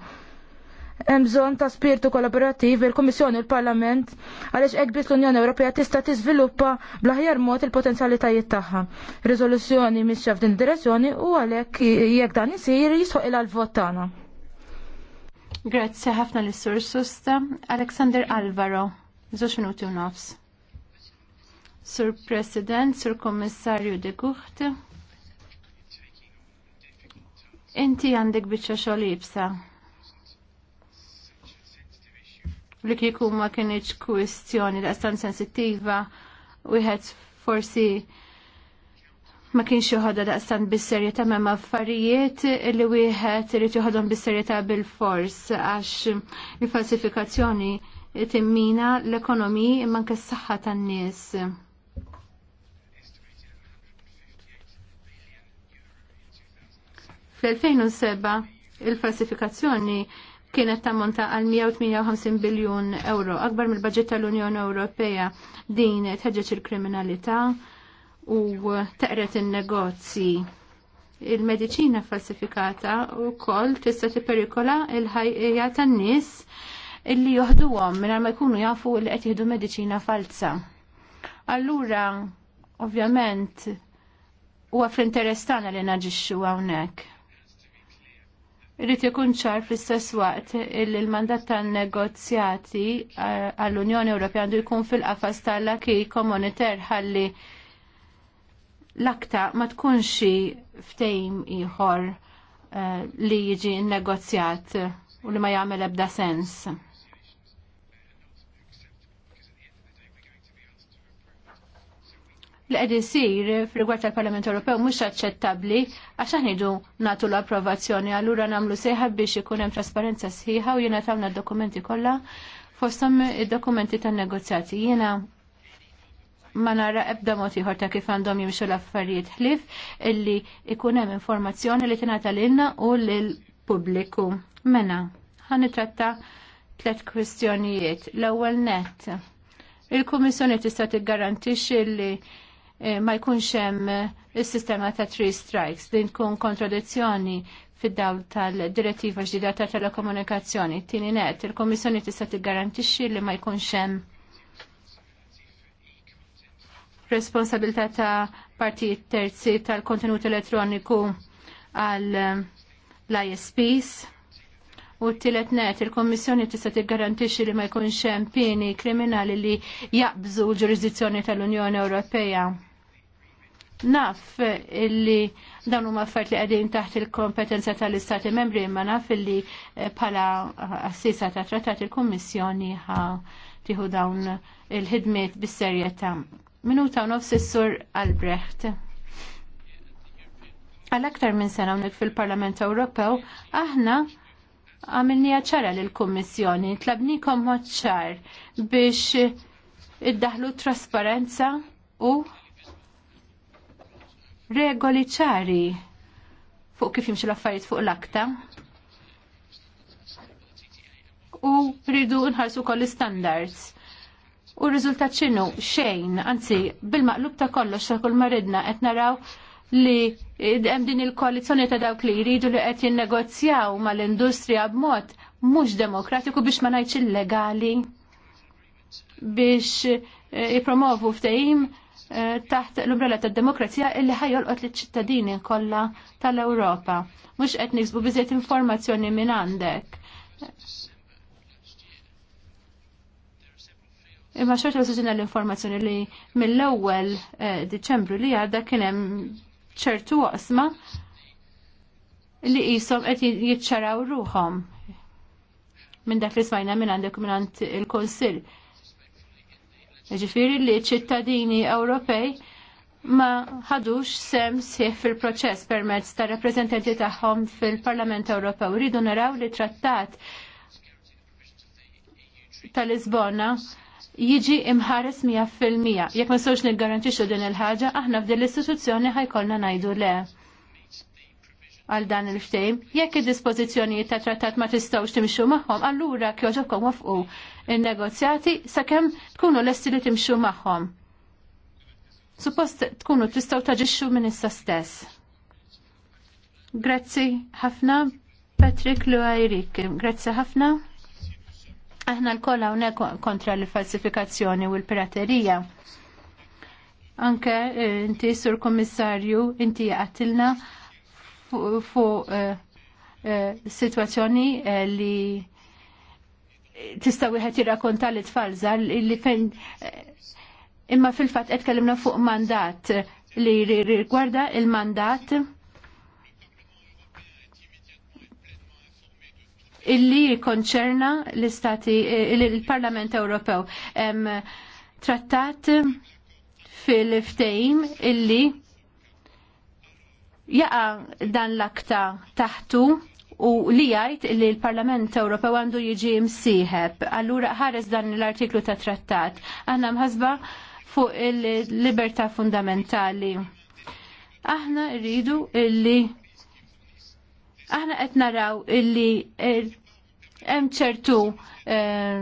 Hemm bżonn ta' spirtu kollaborattiv il-Kummissjoni u l-Parlament għaliex ekbis biss l-Unjoni Ewropea tista' tiżviluppa bl-aħjar mod il-potenzjalitajiet tagħha. Riżoluzzjoni mixxa f'din id-direzzjoni u għalhekk jekk dan isir jisħoq il vot tagħna. Grazie ħafna l sur Susta. Alexander Alvaro, zoċ minuti u nofs. Sur President, Sur Kommissarju de Gucht. Inti għandek bieċa xogħol ibsa. Li kieku ma kienieċ kwistjoni daqstan sensittiva, wieħed forsi ma kienx joħodha daqstan bis-serjetà ma affarijiet li wieħed irid joħodhom bis-serjetà bil-fors għax il-falsifikazzjoni timmina l-ekonomi imma anke s-saħħa tan-nies. Fl-2007 il-falsifikazzjoni kienet tammonta għal 158 biljun euro, akbar mill-budget tal-Unjoni Ewropea din tħeġġeġ il-kriminalità, u taqret il-negozji. Il-medicina falsifikata u koll tista' tipperikola il-ħajja tan-nies illi joħduhom minn ma jkunu jafu li qed jieħdu medicina falsa. Allura, ovvjament, huwa fl-interess tagħna li naġixxu hawnhekk. Irrid ikun ċar fl-istess waqt li l-mandat tan-negozjati għall-Unjoni Ewropea għandu jkun fil-qafas tal-laki komuniter ħalli l-akta ma tkunx ftejm ieħor eh, li jiġi negozjat u li ma jagħmel ebda sens. li qed isir f'rigward tal-Parlament Ewropew mhux aċċettabbli għax aħnidu nagħtu l-approvazzjoni allura nagħmlu sejħa biex ikun hemm trasparenza sħiħa u jiena tawna d-dokumenti kollha fosthom id-dokumenti tan-negozjati. Jiena ma nara ebda mod ieħor ta' kif għandhom jimxu l-affarijiet ħlif illi ikun hemm informazzjoni li tingħata lilna u lill-pubbliku. Mena, ħan nitratta tliet kwistjonijiet. L-ewwel net. Il-Kummissjoni tista' tiggarantixxi li eh, ma jkunx hemm eh, is-sistema ta' three strikes li tkun kontradizzjoni fid-dawl tal-direttiva ġdida ta' telekomunikazzjoni. Tini net, il-Kummissjoni tista' tiggarantixxi li ma jkunx hemm responsabilità ta' partijiet terzi tal-kontenut elettroniku għal ehm, l-ISPs. U t tillet net, il-Kommissjoni tista' tiggarantixxi li ma jkunx hemm pieni kriminali li jaqbżu l-ġurisdizzjoni tal-Unjoni Ewropea. Naf illi dawn huma affarijiet li qegħdin taħt il-kompetenza tal-Istati Membri imma naf illi eh, bħala assisa ta' trattat il-Kummissjoni ħa tieħu dawn il-ħidmiet bis-serjetà. Minuta u nofs is-sur Albrecht. Għal aktar minn sena unik fil-Parlament Ewropew, aħna għamilnija ċara l-Kommissjoni, tlabnikom ċar biex iddaħlu trasparenza u regoli ċari fuq kif jimxu l-affarijiet fuq l-akta. U rridu nħarsu koll standards. U r-riżultat x'inhu xejn, anzi bil-maqlub ta' kollox ta' kull maridna qed naraw li hemm din il-koalizzjoni ta' dawk li jridu li qed jinnegozjaw mal-industrija b'mod mhux demokratiku biex ma ngħidx illegali biex eh, jipromovu ftehim eh, taħt l-umbrella tad-demokrazija illi ħajolqot liċ-ċittadini kollha tal-Ewropa. Mhux qed nisbu biżejt informazzjoni minn għandek. Imma xorta l l-informazzjoni li mill-ewwel eh, Diċembru li għadda kien hemm ċertu waqsma li qishom qed jiċċaraw ruhom minn dak li smajna minn għandek minn għand il konsil Ġifiri li ċittadini Ewropej ma ħadux sem sieħ fil-proċess permezz ta' rappresentanti tagħhom fil-Parlament Ewropew. Rridu naraw li trattat tal-Lisbona jiġi imħares 100%. Jekk ma sewx niggarantixxu din il-ħaġa, aħna f'din l-istituzzjoni ħajkollna ngħidu le għal dan il-ftejm. Jekk id-dispożizzjonijiet ta' trattat ma tistgħux timxu magħhom, allura kjoġobkom wafqu in-negozjati sakemm tkunu lesti li timxu magħhom. Suppost tkunu tistgħu taġixxu minn issa stess. Grazzi ħafna Patrick Luajrik. Grazzi ħafna. Aħna l-koll hawnhekk kontra l-falsifikazzjoni u l-piraterija. Anke eh, inti sur kommissarju inti għatilna fuq fu, eh, eh, situazzjoni li tista' wieħed jirrakkonta li tfalza li fejn imma fil-fatt qed kellimna fuq mandat li rigwarda il-mandat illi konċerna l-Istati, il-Parlament Ewropew. Trattat fil-ftejm illi jaqa dan l-akta taħtu u li jgħid li l-Parlament Ewropew għandu jiġi msieħeb. Allura ħares dan l-artiklu ta' trattat. Aħna mħasba fuq il-libertà fundamentali. Aħna rridu illi aħna qed naraw illi er- hemm ċertu eh,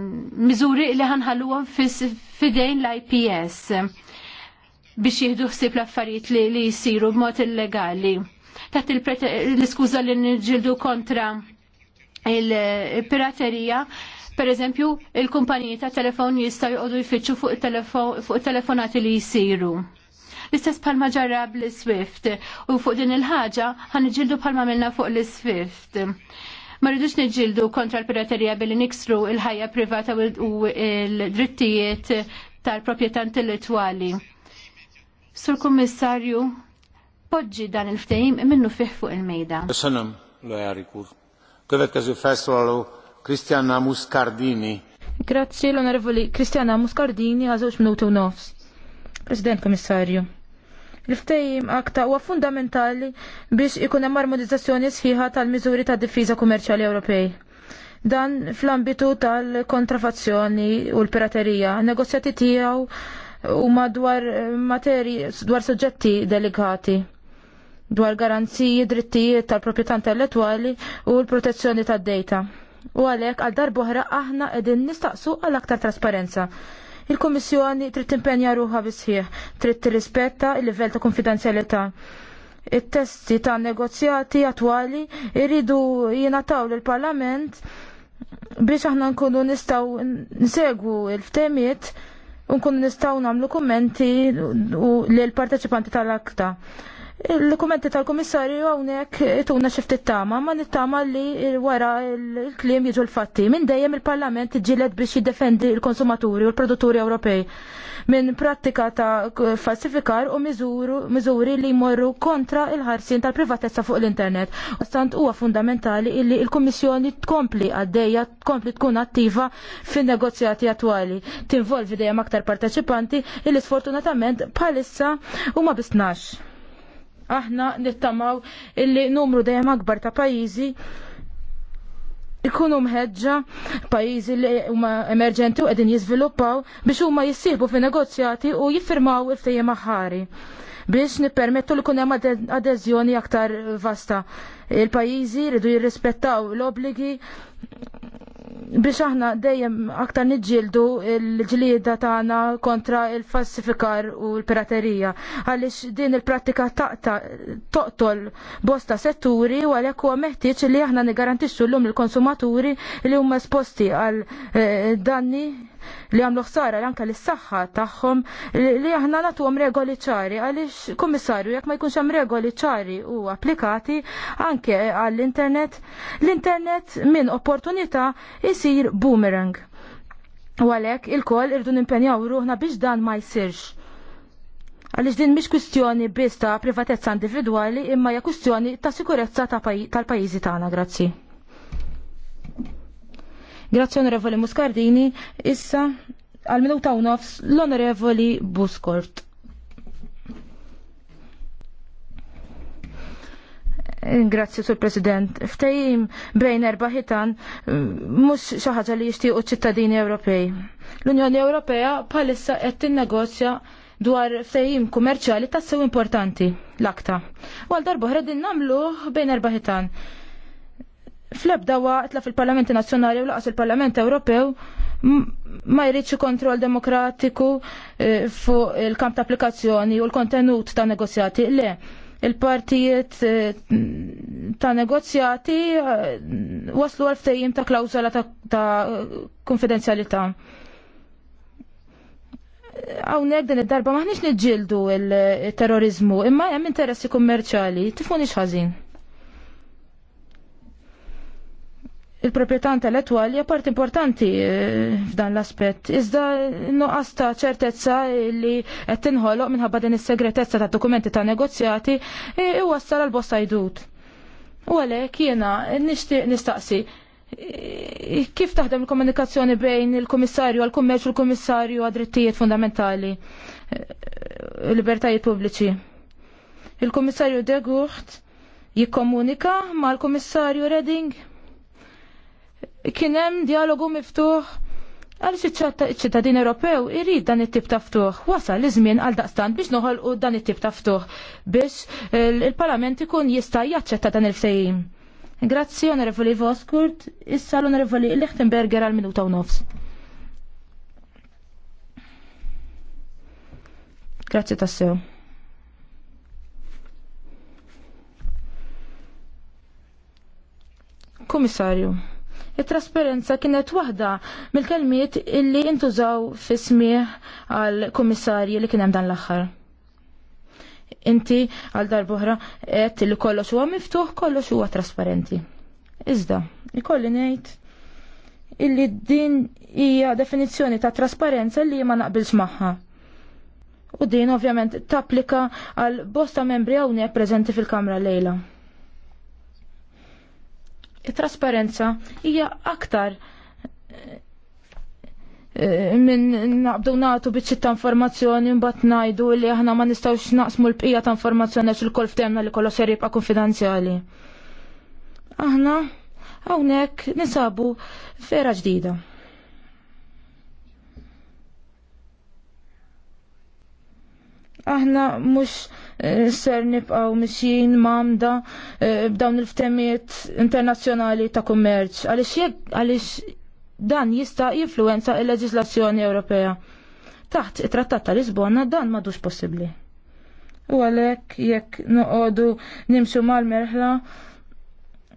miżuri li ħanħalluhom fidejn l-IPS biex jieħdu ħsieb l-affarijiet li jsiru b'mod illegali. Taħt l-iskuża li nġildu kontra il-piraterija, per eżempju, il-kumpaniji ta' telefon jistgħu jqogħdu jfittxu fuq telefonati li jsiru. L-istess palma ġarra bl-Swift u fuq din il-ħaġa ħanġildu palma minna fuq l-Swift. Ma rridux niġildu kontra l-piraterija billi niksru il-ħajja privata u l-drittijiet tal-propieta intellettuali. Sur Kummissarju, poġġi dan il-ftehim minnu fih fuq il-mejda. Sanam, lo jarikur. Következő festivalu Kristjana Muscardini. Grazzi l-onorevoli Kristjana Muscardini għazoċ minutu nofs. President Kommissarju l ftejim akta huwa fundamentali biex ikun hemm armonizzazzjoni sħiħa tal-miżuri ta' difiża kummerċjali Ewropej. Dan fl-ambitu tal-kontrafazzjoni u l-piraterija, negozjati tiegħu huma dwar eh, materi dwar suġġetti delikati dwar garanziji drittijiet tal-proprjetà intellettwali u l-protezzjoni tad-dejta. U għalhekk għal darbohra aħna qegħdin nistaqsu għal aktar trasparenza. Il-Kommissjoni trid timpenja ruħa bisħieħ, trid tirrispetta il-livell ta' konfidenzjalità. It-testi ta' negozjati attwali jridu jingħataw lill-Parlament biex aħna nkunu nistgħu nsegwu l-ftemiet u nkunu nistgħu nagħmlu kummenti u lill parteċipanti tal-akta. Il-kommenti tal-komissarju għawnek tuna xift it-tama, ma nittama li wara il-klim jiġu l-fatti. Minn dejjem il-parlament ġilet biex jiddefendi il-konsumaturi u l-produtturi Ewropej minn prattika ta' falsifikar u miżuri li jmorru kontra il-ħarsin tal-privatezza fuq l-internet. Ostant huwa fundamentali illi il-Kummissjoni tkompli għaddejja, tkompli tkun attiva fin negozjati attwali. Tinvolvi dejjem aktar parteċipanti illi sfortunatament bħalissa huma bisnax aħna nittamaw illi numru dejjem akbar ta' pajjiżi ikunu mħeġġa pajjiżi li huma emerġenti u qegħdin jiżviluppaw biex huma jissieħbu fi negozjati u jiffirmaw il-ftejjem aħħari biex nippermettu li kun hemm adeżjoni aktar vasta. Il-pajjiżi jridu jirrispettaw l-obligi biex aħna dejjem aktar niġġieldu l-ġlieda tagħna kontra il-falsifikar u l-piraterija għaliex din il-prattika taqta toqtol bosta setturi u għalhekk huwa meħtieġ li aħna nigarantixxu llum il-konsumaturi li huma esposti għal eh, danni li għamlu ħsara anke lis-saħħa tagħhom li aħna nagħtuhom regoli ċari għaliex kummissarju jekk ma jkunx hemm regoli ċari u applikati anke għall-internet, l-internet minn opportunità jisir boomerang. U għalhekk il-koll irdu nimpenjaw ruħna biex dan ma jsirx. Għaliex din mhix kwistjoni biss ta' privatezza individwali imma hija kwistjoni ta' sikurezza tal-pajjiżi tagħna, grazzi. Grazzi onorevoli Muscardini, issa għal minuta u nofs l-onorevoli Buskort. Grazzi, Sur President. Ftejim bejn erba' ħitan eh, mhux xi ħaġa li jixtiequ ċittadini Ewropej. L-Unjoni Ewropea bħalissa qed tinnegozja dwar ftejim kummerċjali tassew importanti l-akta. Għal darba ħredin namlu bejn erba' ħitan. Fl-ebda waqt fil-Parlamenti Nazzjonali u laqas il-Parlament Ewropew ma jridx kontroll demokratiku eh, fuq il-kamp ta' applikazzjoni u l-kontenut ta' negozjati. Le, il-partijiet eh, ta' negozjati eh, waslu għal ftejjim ta' klawzola ta' konfidenzjalità. Hawnhekk din id-darba maħniex niġġieldu il-terrorizmu, imma hemm interessi kummerċjali, tifuni x'ħażin. il proprietà intellettwali hija part importanti eh, f'dan l-aspett. Iżda nuqqas ta' ċertezza li qed tinħoloq minħabba din is-segretezza ta' dokumenti ta' negozjati eh, iwassal għal bosta jdut. U għalhekk jiena nixtieq nistaqsi eh, kif taħdem il-komunikazzjoni bejn il-Kummissarju għal-Kummerċ u l-Kummissarju għad-drittijiet fundamentali, libertajiet pubbliċi. Il-Kummissarju Degucht jikkomunika mal-Kummissarju Reding? Kien hemm dialogu miftuħ għaliex ċittadin Ewropew irid dan it-tip ta' ftuħ. Wasal iż-żmien għal daqstant biex noħolqu dan it-tip ta' ftuħ biex il-Parlament ikun jista' jaċċetta dan il fejjim Grazzi, onorevoli Voskurt, issa l-onorevoli Lichtenberger għal minuta u nofs. Grazzi tassew. Komissarju it-trasparenza kienet waħda mill-kelmiet illi intużaw fi smieħ għal kummissarji li kien hemm dan l-aħħar. Inti għal darbohra qed li kollox huwa miftuħ, kollox huwa trasparenti. Iżda, ikolli ngħid illi din hija definizzjoni ta' trasparenza li ma naqbilx magħha. U din ovvjament tapplika għal bosta membri hawnhekk preżenti fil-Kamra lejla it-trasparenza hija aktar eh, minn naqbdu natu biċċi ta' informazzjoni mbagħad ngħidu li aħna ma nistgħux naqsmu l-bqija ta' informazzjoni għax il-kol ftemna li kollox ser jibqa' konfidenzjali. Aħna hawnhekk nisabu fera ġdida. Aħna mhux Eh, ser nibqaw misjien mamda eh, b'dawn il-ftemiet internazzjonali ta' kummerċ. Għaliex dan jista' jinfluenza il-leġislazzjoni Ewropea. Taħt it-Trattat ta' Lisbona dan madux possibbli. U għalhekk jekk noqogħdu nimxu mal-merħla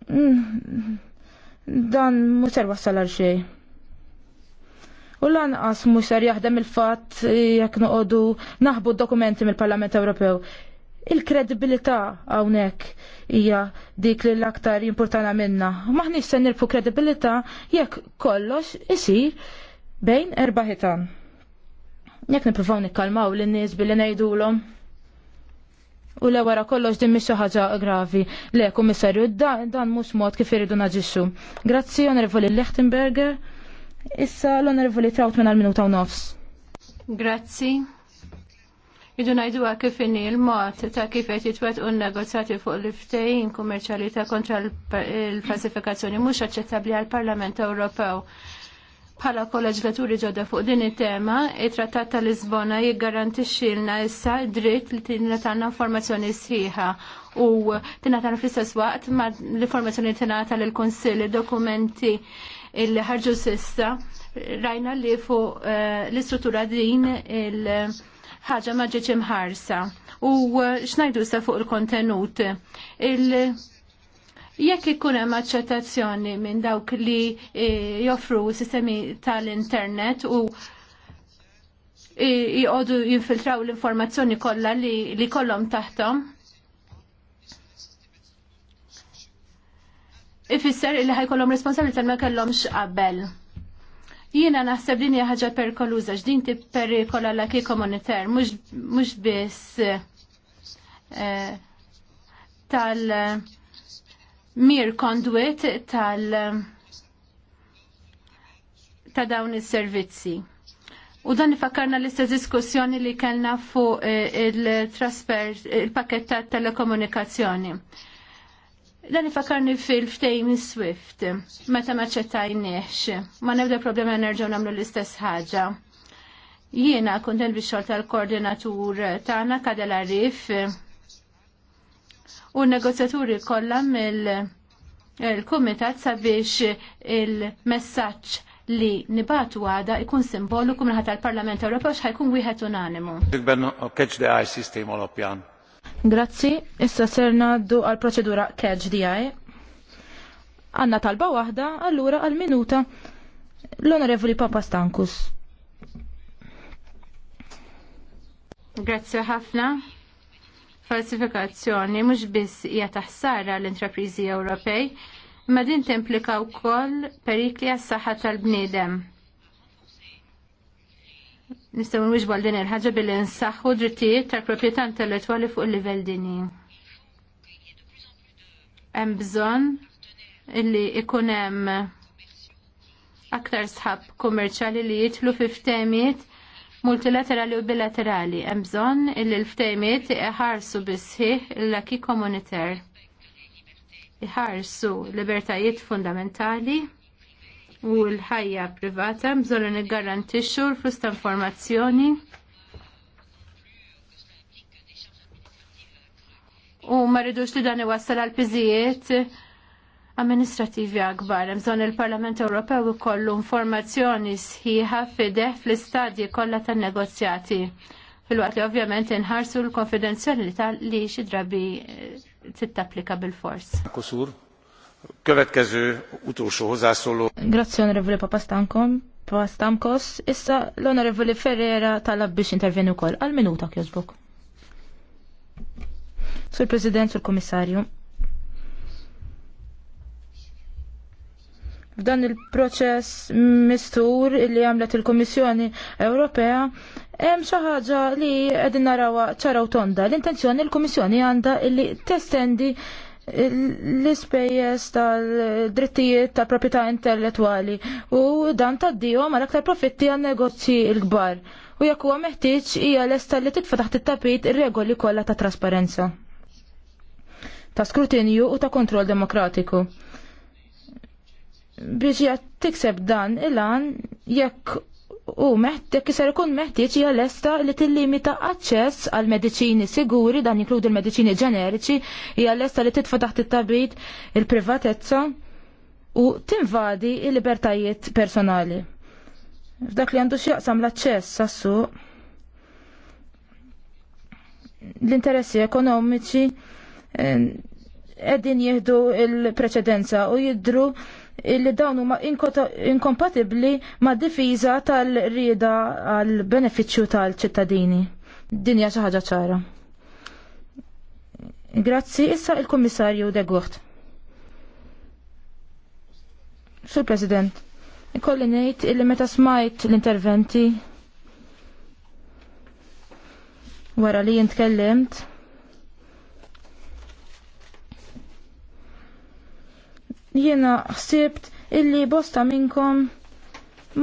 mm, dan mhux ser wassal għal xejn. U lanqas mhux ser jaħdem il-fatt jekk noqogħdu naħbu d-dokumenti mill-Parlament Ewropew. Il-kredibilità hawnhekk hija dik li l-aktar importana minna. Maħniex se nirfu kredibilità jekk kollox isir bejn erba'ħitan. Jekk nippruvaw nikkalmaw lin-nies billi ngħidulhom u le wara kollox din mhix ħaġa gravi. Le, kummissarju, dan mhux mod kif iridu naġixxu. Grazzi, onorevoli Lechtenberger. Issa l-onorevoli Traut minn għal-minuta u nofs. Grazzi. Idu najdu kif inni il-mod ta' kif qed jitwet un negozjati fuq l-ftejn kummerċjali ta' kontra l-falsifikazzjoni mhux aċċettabbli għall-Parlament Ewropew. Bħala kolleġlaturi ġodda fuq din it-tema, it-Trattat tal Lisbona jiggarantixxi lna issa dritt li tanna informazzjoni sħiħa u tingħatalna fl-istess waqt ma' l-informazzjoni tingħata lill-Kunsill, id-dokumenti il ħarġu sissa rajna li fuq eh, l-istruttura din il-ħaġa ma ġietx imħarsa. U eh, xnajdu sa fuq il-kontenut. Jekk ikun hemm aċċettazzjoni minn dawk li eh, joffru sistemi tal-internet u jgħodu jinfiltraw l-informazzjoni kollha li, li kollhom taħtom, ifisser illi ħajkollhom responsabilità ma kellhomx qabel. Jiena naħseb din hija ħaġa perikoluża x'din tipperikola l ki komunitar mhux biss eh, tal mir conduit tal ta' dawn is-servizzi. U dan ifakkarna l-istess diskussjoni li kellna fuq eh, il-trasfer il-pakket tal telekomunikazzjoni. Dan ifakarni fil-ftejn Swift, meta ma ċettajniex, ma nebda problema nerġaw namlu l-istess ħaġa. Jiena kontent biex xogħol tal-koordinatur tagħna Kadela rif u n-negozjaturi kollha mill-kumitat sabiex il-messaġġ li nibatu għada ikun simboliku minħat tal-Parlament Ewropew x'ħajkun wieħed unanimu. catch the eye system Grazzi, issa serna du għal proċedura catch di għaj. Għanna talba wahda, allura għal minuta l-onorevoli Papa Stankus. Grazzi ħafna. Falsifikazzjoni mhux biss hija taħsara l-intrapriżi Ewropej, ma din timplika wkoll perikli għas-saħħa tal-bniedem Nistgħu nwiġbu għal din il-ħaġa billi nsaħħu drittijiet tal-proprjetà intellettwali fuq il-livell dini. Hemm bżonn illi ikun hemm aktar sħab kummerċali li jitlu fi ftemiet multilaterali u bilaterali. Hemm bżonn illi l-ftemiet iħarsu bisħiħ l-laki komuniter. Iħarsu libertajiet fundamentali u l-ħajja privata bżonn niggarantixxu l-flus ta' informazzjoni u ma rridux li dan iwassal għal piżijiet amministrativi akbar. Bżonn il-Parlament Ewropew ikollu informazzjoni sħiħa fideh fl-istadji kollha tan-negozjati. Fil-waqt li ovvjament inħarsu l-konfidenzjalità li xi drabi eh, tittapplika bil-fors. Kusur. Következő utolsó hozzászóló. Grazie, onorevole Papasztánkom. Papastankos, Issa l Ferreira talab biex intervenu kol. Al minuta kjozbuk. Sur President, sur Komissarju. F'dan il-proċess mistur li għamlet il-Komissjoni Ewropea, hemm xi ħaġa li qegħdin narawha ċara tonda. L-intenzjoni l-Komissjoni għandha li testendi l-ispejjeż tal-drittijiet ta' proprjetà intellettwali u dan taddihom għal aktar profitti għal negozji l-kbar. U jekk huwa meħtieġ hija lesta li titfa' taħt it-tapit ir-regoli kollha ta' trasparenza ta' skrutinju u ta' kontroll demokratiku. Biex jgħat tikseb dan il-għan jekk u meħtek ser ikun meħtieġ hija lesta li tillimita aċċess għal mediċini siguri dan jinkludi l-mediċini ġeneriċi hija lesta li titfa' taħt it tabit il-privatezza u tinvadi il-libertajiet personali. F'dak li għandu xieqsam l-aċċess għassu l-interessi ekonomiċi qegħdin eh, jieħdu il-preċedenza u jidru illi dawn huma inkompatibbli ma' difiża tal-rieda għal benefiċċju tal-ċittadini. Dinja xi ħaġa ċara. Grazzi, issa il-Kummissarju de Gucht. Sur President, ikolli ngħid illi meta smajt l-interventi wara li jintkellimt Jiena ħsibt illi bosta minnkom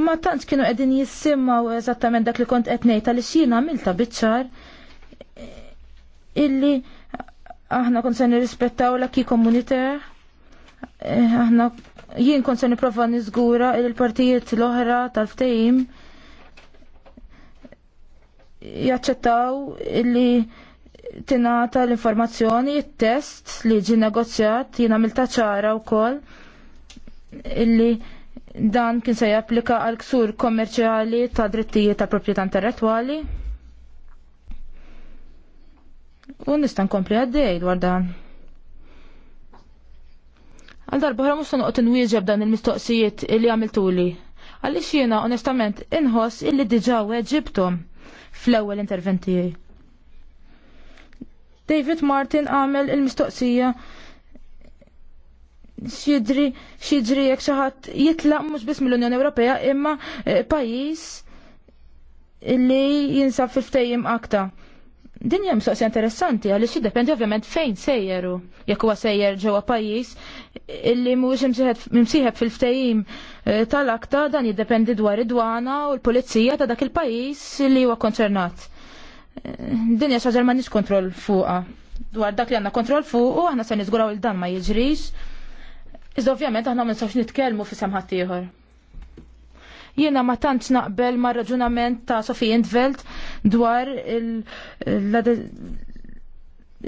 ma tantx kienu qegħdin jissimmaw eżattament dak li kont qed ngħid għaliex jiena għamilta biċċar illi aħna kont se nirrispettaw l-akki komunitè. Eh, aħna jien kont se nipprova niżgura il-partijiet l-oħra tal-ftehim jaċċettaw illi tinata l-informazzjoni, il-test li ġi negozjat, jina milta ċara u kol, illi dan kien se japplika għal ksur kommerċjali ta' drittijiet ta' proprjetà intellettwali. U nista' nkompli għaddej dwar dan. Għal darba ħra musta noqgħod inwieġeb dan il-mistoqsijiet li għamiltuli. Għaliex jiena onestament inħoss illi diġà weġibtom fl-ewwel intervent tiegħi. David Martin għamel il-mistoqsija xidri xidri jek xaħat jitlaq mux bis mill-Unjoni Ewropea imma eh, pajis li jinsab fil-ftejjem akta. Din hija mistoqsija interessanti għaliex jiddependi ovvjament fejn sejjeru. Jekk huwa sejjer ġewwa pajjiż illi mhux mimsieħeb fil-ftehim eh, tal-akta dan jiddependi dwar id-dwana u l-pulizija ta' dak il-pajjiż li huwa konċernat dinja xaġar ma nix kontrol fuqa. Dwar dak li għanna kontrol fuqu, għanna se nizguraw il-dan ma jiġrix. Iżda ovvjament aħna ma nistgħux nitkellmu fi semħat ieħor. Jiena ma tantx naqbel ma' raġunament ta' Sofie Intveld dwar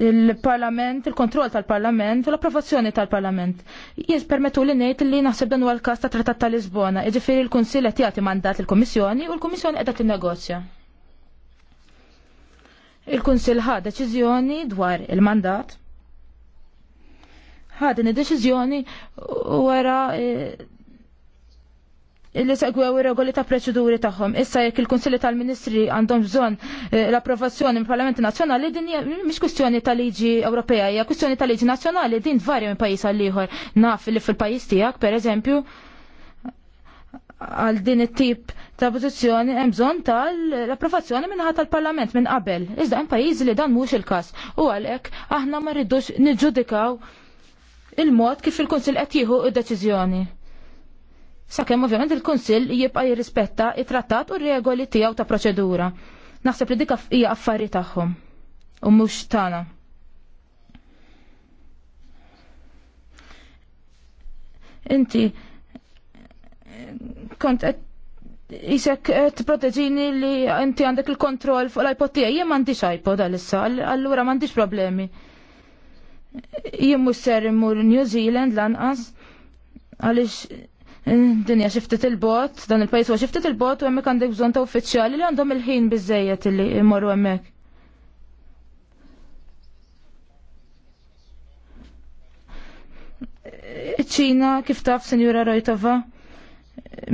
il-parlament, il-kontroll tal-parlament u l-approvazzjoni tal-parlament. Jien permettu li ngħid li naħseb dan huwa l-każ ta' Trattat tal Lisbona, iġifiri l-Kunsill qed jagħti mandat il-Kummissjoni u l-Kummissjoni qiegħda tinnegozja. Il-Kunsil ħa deċiżjoni dwar il-mandat. Ħa din id-deċiżjoni wara eh, li segwew ir-regoli ta' proċeduri tagħhom. Issa jekk il-Kunsilli tal-Ministri għandhom bżonn eh, l-approvazzjoni mill parlament Nazzjonali din mhix kwistjoni ta' liġi Ewropea, hija kwistjoni ta' liġi nazzjonali din tvarja minn pajjiż għal ieħor. Naf li fil-pajjiż tiegħek pereżempju għal din it-tip ta' pozizjoni hemm bżonn tal-approvazzjoni minnaħa tal-Parlament minn qabel. Iżda hemm pajjiżi li dan mhux il-każ u għalhekk aħna ma rridux niġġudikaw il-mod kif il-Kunsill qed jieħu d-deċiżjoni. Sakemm ovvjament il-Kunsill jibqa' jirrispetta it-trattat u r-regoli tiegħu ta' proċedura. Naħseb li dik hija affarijiet tagħhom u mhux tagħna. Inti kont jisek t-proteġini li inti għandek il-kontroll fuq l-iPod tiegħi jien mandiċ iPod għal-issa, allura m'għandix problemi. Jien mux ser immur New Zealand lanqas, għalix eh, dinja xiftet il-bot, dan il-pajis huwa xiftet il-bot u hemmhekk għandek bżonn ta' uffiċjali li għandhom il-ħin biżejjed li jmorru hemmhekk. ċina kif taf, Sinjura Rojtova?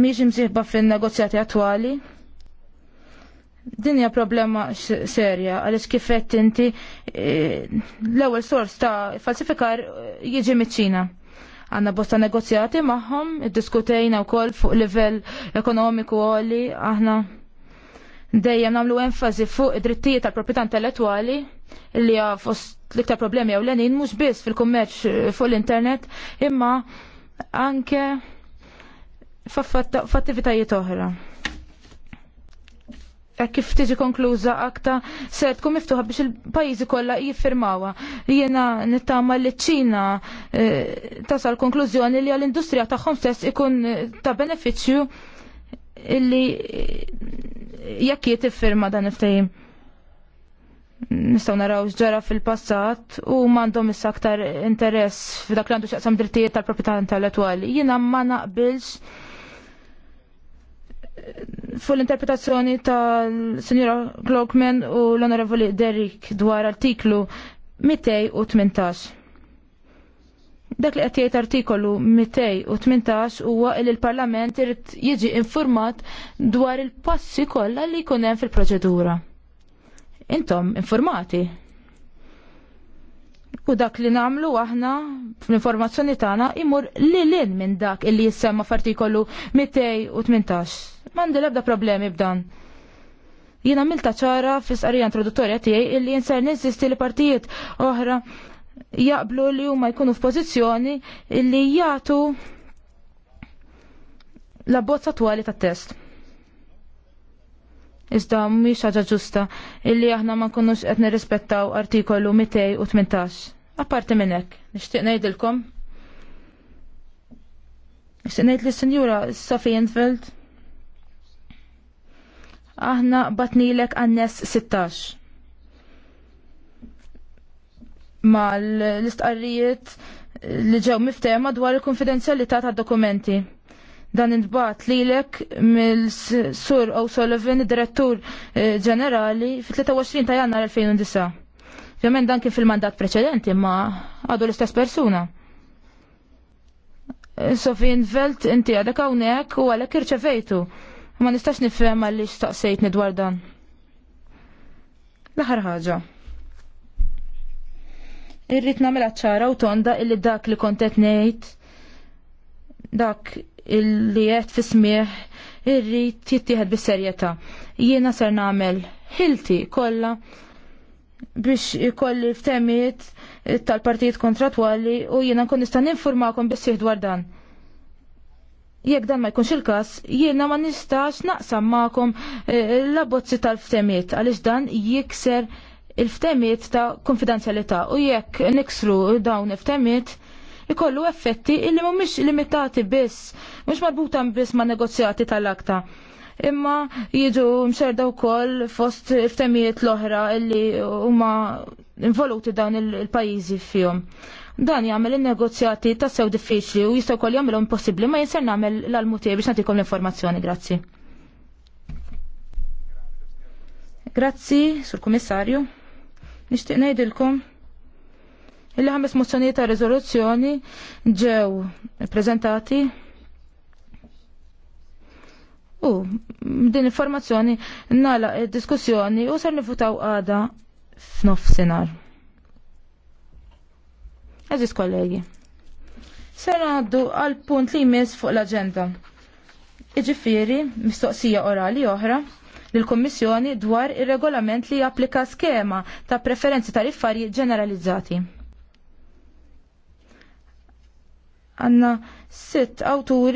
miex imsiħba fin-negozjati attwali. Din hija problema serja għaliex kif inti e, l-ewwel sors ta' falsifikar e, jiġi miċ-Ċina. Għanna bosta negozjati magħhom, iddiskutejna wkoll fuq livell ekonomiku għoli, aħna dejjem nagħmlu enfasi fuq id-drittijiet tal-proprjetà intellettwali li hija fost l-iktar problemi għaw l-enin mux bis fil-kummerċ e, fuq l-internet imma anke f'attivitajiet oħra. Kif tiġi konkluża akta se tkun miftuħa biex il-pajjiżi kollha jiffirmawha. Jiena nittama li ċ-Ċina eh, tasal konklużjoni li għall-industrija tagħhom stess ikun eh, ta' benefiċċju illi eh, jekk jiet iffirma dan il-ftehim nistaw naraw ġara fil-passat u mandom issa aktar interess f'dak li għandu xaqsam drittijiet tal-proprjetà intellettwali. Jiena ma naqbilx fuq l-interpretazzjoni tal Signora Glockman u l-Onorevoli Derrick dwar artiklu 218. Dak li qed jgħid artikolu 218 huwa li l-Parlament irid jiġi infurmat dwar il-passi kollha li jkun hemm fil-proċedura. Intom informati. U dak li namlu aħna fl-informazzjoni tagħna imur lil minn dak illi jissemma f'artikolu 218. M'għandi l-ebda problemi b'dan. Jiena milta ċara fis-qarija introduttorja tiegħi illi jinser niżisti li partijiet oħra jaqblu li huma jkunu f'pożizzjoni illi jagħtu l abbozza attwali tat-test. Iżda mhix ħaġa ġusta illi aħna ma nkunux qed nirrispettaw artikolu 218. Apparti minn hekk, nixtieq ngħidilkom. Nixtieq ngħid lis-Sinjura Sophie Enfeld. Aħna batnilek għannes 16 mal l-istqarrijiet li ġew miftema dwar il-konfidenzjalità tad dokumenti dan intbat lilek mill-Sur O'Sullivan, direttur eh, ġenerali, fit-23 ta' jannar 2009. Ovvjament dan kif fil-mandat preċedenti, ma għadu l-istess persuna. Eh, Sofin Velt, inti għadek għawnek u għalek irċevejtu. Ma nistax nifhem għalli staqsejt nidwar dan. L-aħar ħaġa. Irrit namela ċara u tonda illi dak li kontet nejt dak Illi qed fismieħ irrid jittieħed bis-serjetà. Jiena ser nagħmel ħilti kollha biex ikolli ftemiet tal-partijiet kontratwali u jiena nkun nista' ninformakom biss dwar dan. Jekk dan ma jkunx il-każ, jiena ma nistax naqsam magħkom eh, l-abbozzi tal-ftemiet għaliex dan jikser il-ftemiet ta' konfidenzjalità u jekk niksru dawn il-ftemiet ikollu effetti illi mhumiex limitati biss, mhux marbuta biss ma' negozjati tal-akta. Imma jiġu mxerda wkoll fost ftemijiet l-oħra illi huma involuti dawn il-pajjiżi fihom. Dan jagħmel in-negozjati tassew diffiċli u jista' wkoll jagħmilhom impossibbli ma jinser nagħmel l-almutija biex nagħtikom l-informazzjoni, grazzi. Grazzi, sur kummissarju. Nixtieq ngħidilkom Il-ħames mozzjonijiet ta' riżoluzzjoni ġew prezentati u din informazzjoni nala diskussjoni u ser nifutaw għada f'nofsinhar. Eżis kollegi, ser għaddu għal punt li jmiss fuq l-agenda. Iġifiri, mistoqsija orali oħra, l-Kommissjoni dwar ir-regolament li japplika skema ta' preferenzi tariffarji ġeneralizzati. għanna sitt awturi